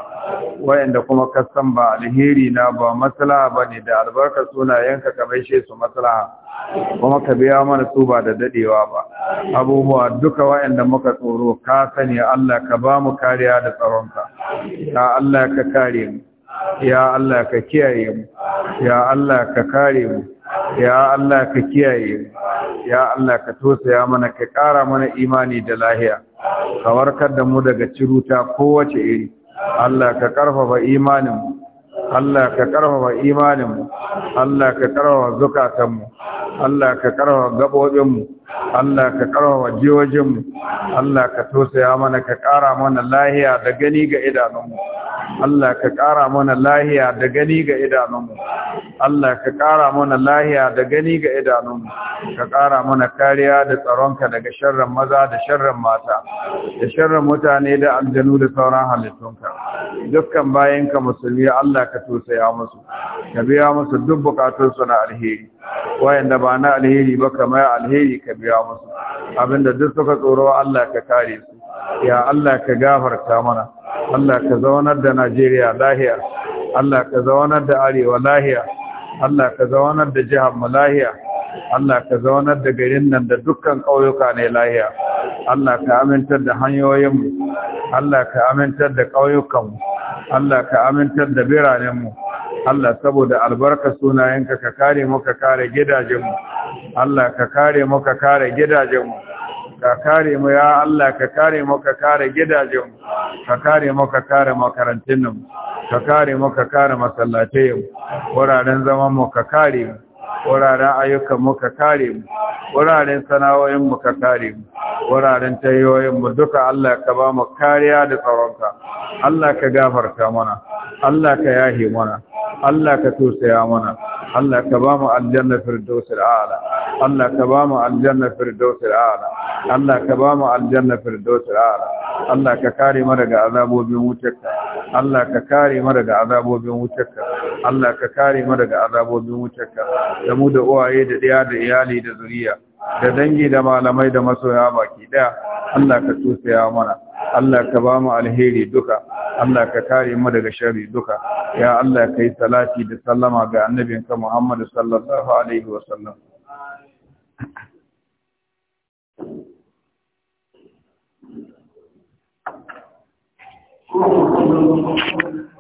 wayanda kuma ka san ba alheri na ba maslaha bane da albarka sunayenka ka maishe su maslaha kuma ka biya mana su ba da dadewa ba abubuwa duka wayanda muka tsoro ka sani Allah ka ba mu kare kariya da tsaronka ya Allah ka kare mu ya Allah ka kiyaye mu ya Allah ka kare mu ya Allah ka kiyaye mu ya Allah ka tosaya mana ka ƙara mana imani da lahiya ka warkar da mu daga ciruta kowace iri Allah ka ƙarfafa imanin mu Allah ka ƙarfafa imanin mu Allah ka ƙarfafa zukatan mu Allah ka ƙarfafa gaɓoɓin mu Allah ka wajen mu Allah ka tosaya mana ka ƙara mana lahiya da gani ga idanunmu Allah ka kara mana lahiya da gani ga idanunmu Allah ka ƙara mana lahiya da gani ga idanunmu ka ƙara mana kariya da tsaronka daga sharran maza da sharran mata da sharran mutane da aljanu da sauran halittunka dukkan bayanka musulmi Allah ka tosaya musu ka biya musu duk bukatunsu na alheri wayanda ba na alheri ba kamar alheri ka biya musu abinda duk suka tsoro Allah ka kare su ya Allah ka gafarta mana Allah ka zaunar da Najeriya lahiya Allah ka zaunar da Arewa lahiya Allah ka zaunar da jihar mu lahiya Allah ka zaunar da garin nan da dukkan ƙauyuka ne lahiya Allah ka amintar da hanyoyinmu Allah ka amintar da ƙauyukanmu Allah ka amintar da biranenmu Allah saboda albarka sunayenka ka kare mu ka kare gidajenmu Allah ka kare mu ka kare gidajenmu ka kare mu ya Allah ka kare mu ka kare gidajenmu ka kare mu ka kare makarantunmu ka kare mu ka kare masallatai wuraren zaman mu ka kare mu wuraren ayyukan mu ka kare mu wuraren sana'o'inmu mu ka kare mu wuraren tayoyin mu duka Allah ka ba mu kariya da tsaronka Allah ka gafarta mana Allah ka yahi mana Allah ka tosaya mana Allah ka ba mu aljanna firdausil a'la Allah ka ba mu aljanna firdausil a'la Allah ka ba mu aljanna firdausil a'la Allah ka kare mu daga azabobin wutarka Allah ka kare mu daga azabobin wutarka Allah ka kare mu daga azabobin wutarka da mu da uwaye da ɗaya da iyali da zuriya da dangi da malamai da masoya baki ɗaya Allah ka tusaya mana Allah ka ba mu alheri duka Allah ka kare mu daga sharri duka ya Allah kai salati da sallama ga annabinka Muhammad sallallahu alaihi wa sallam Thank you.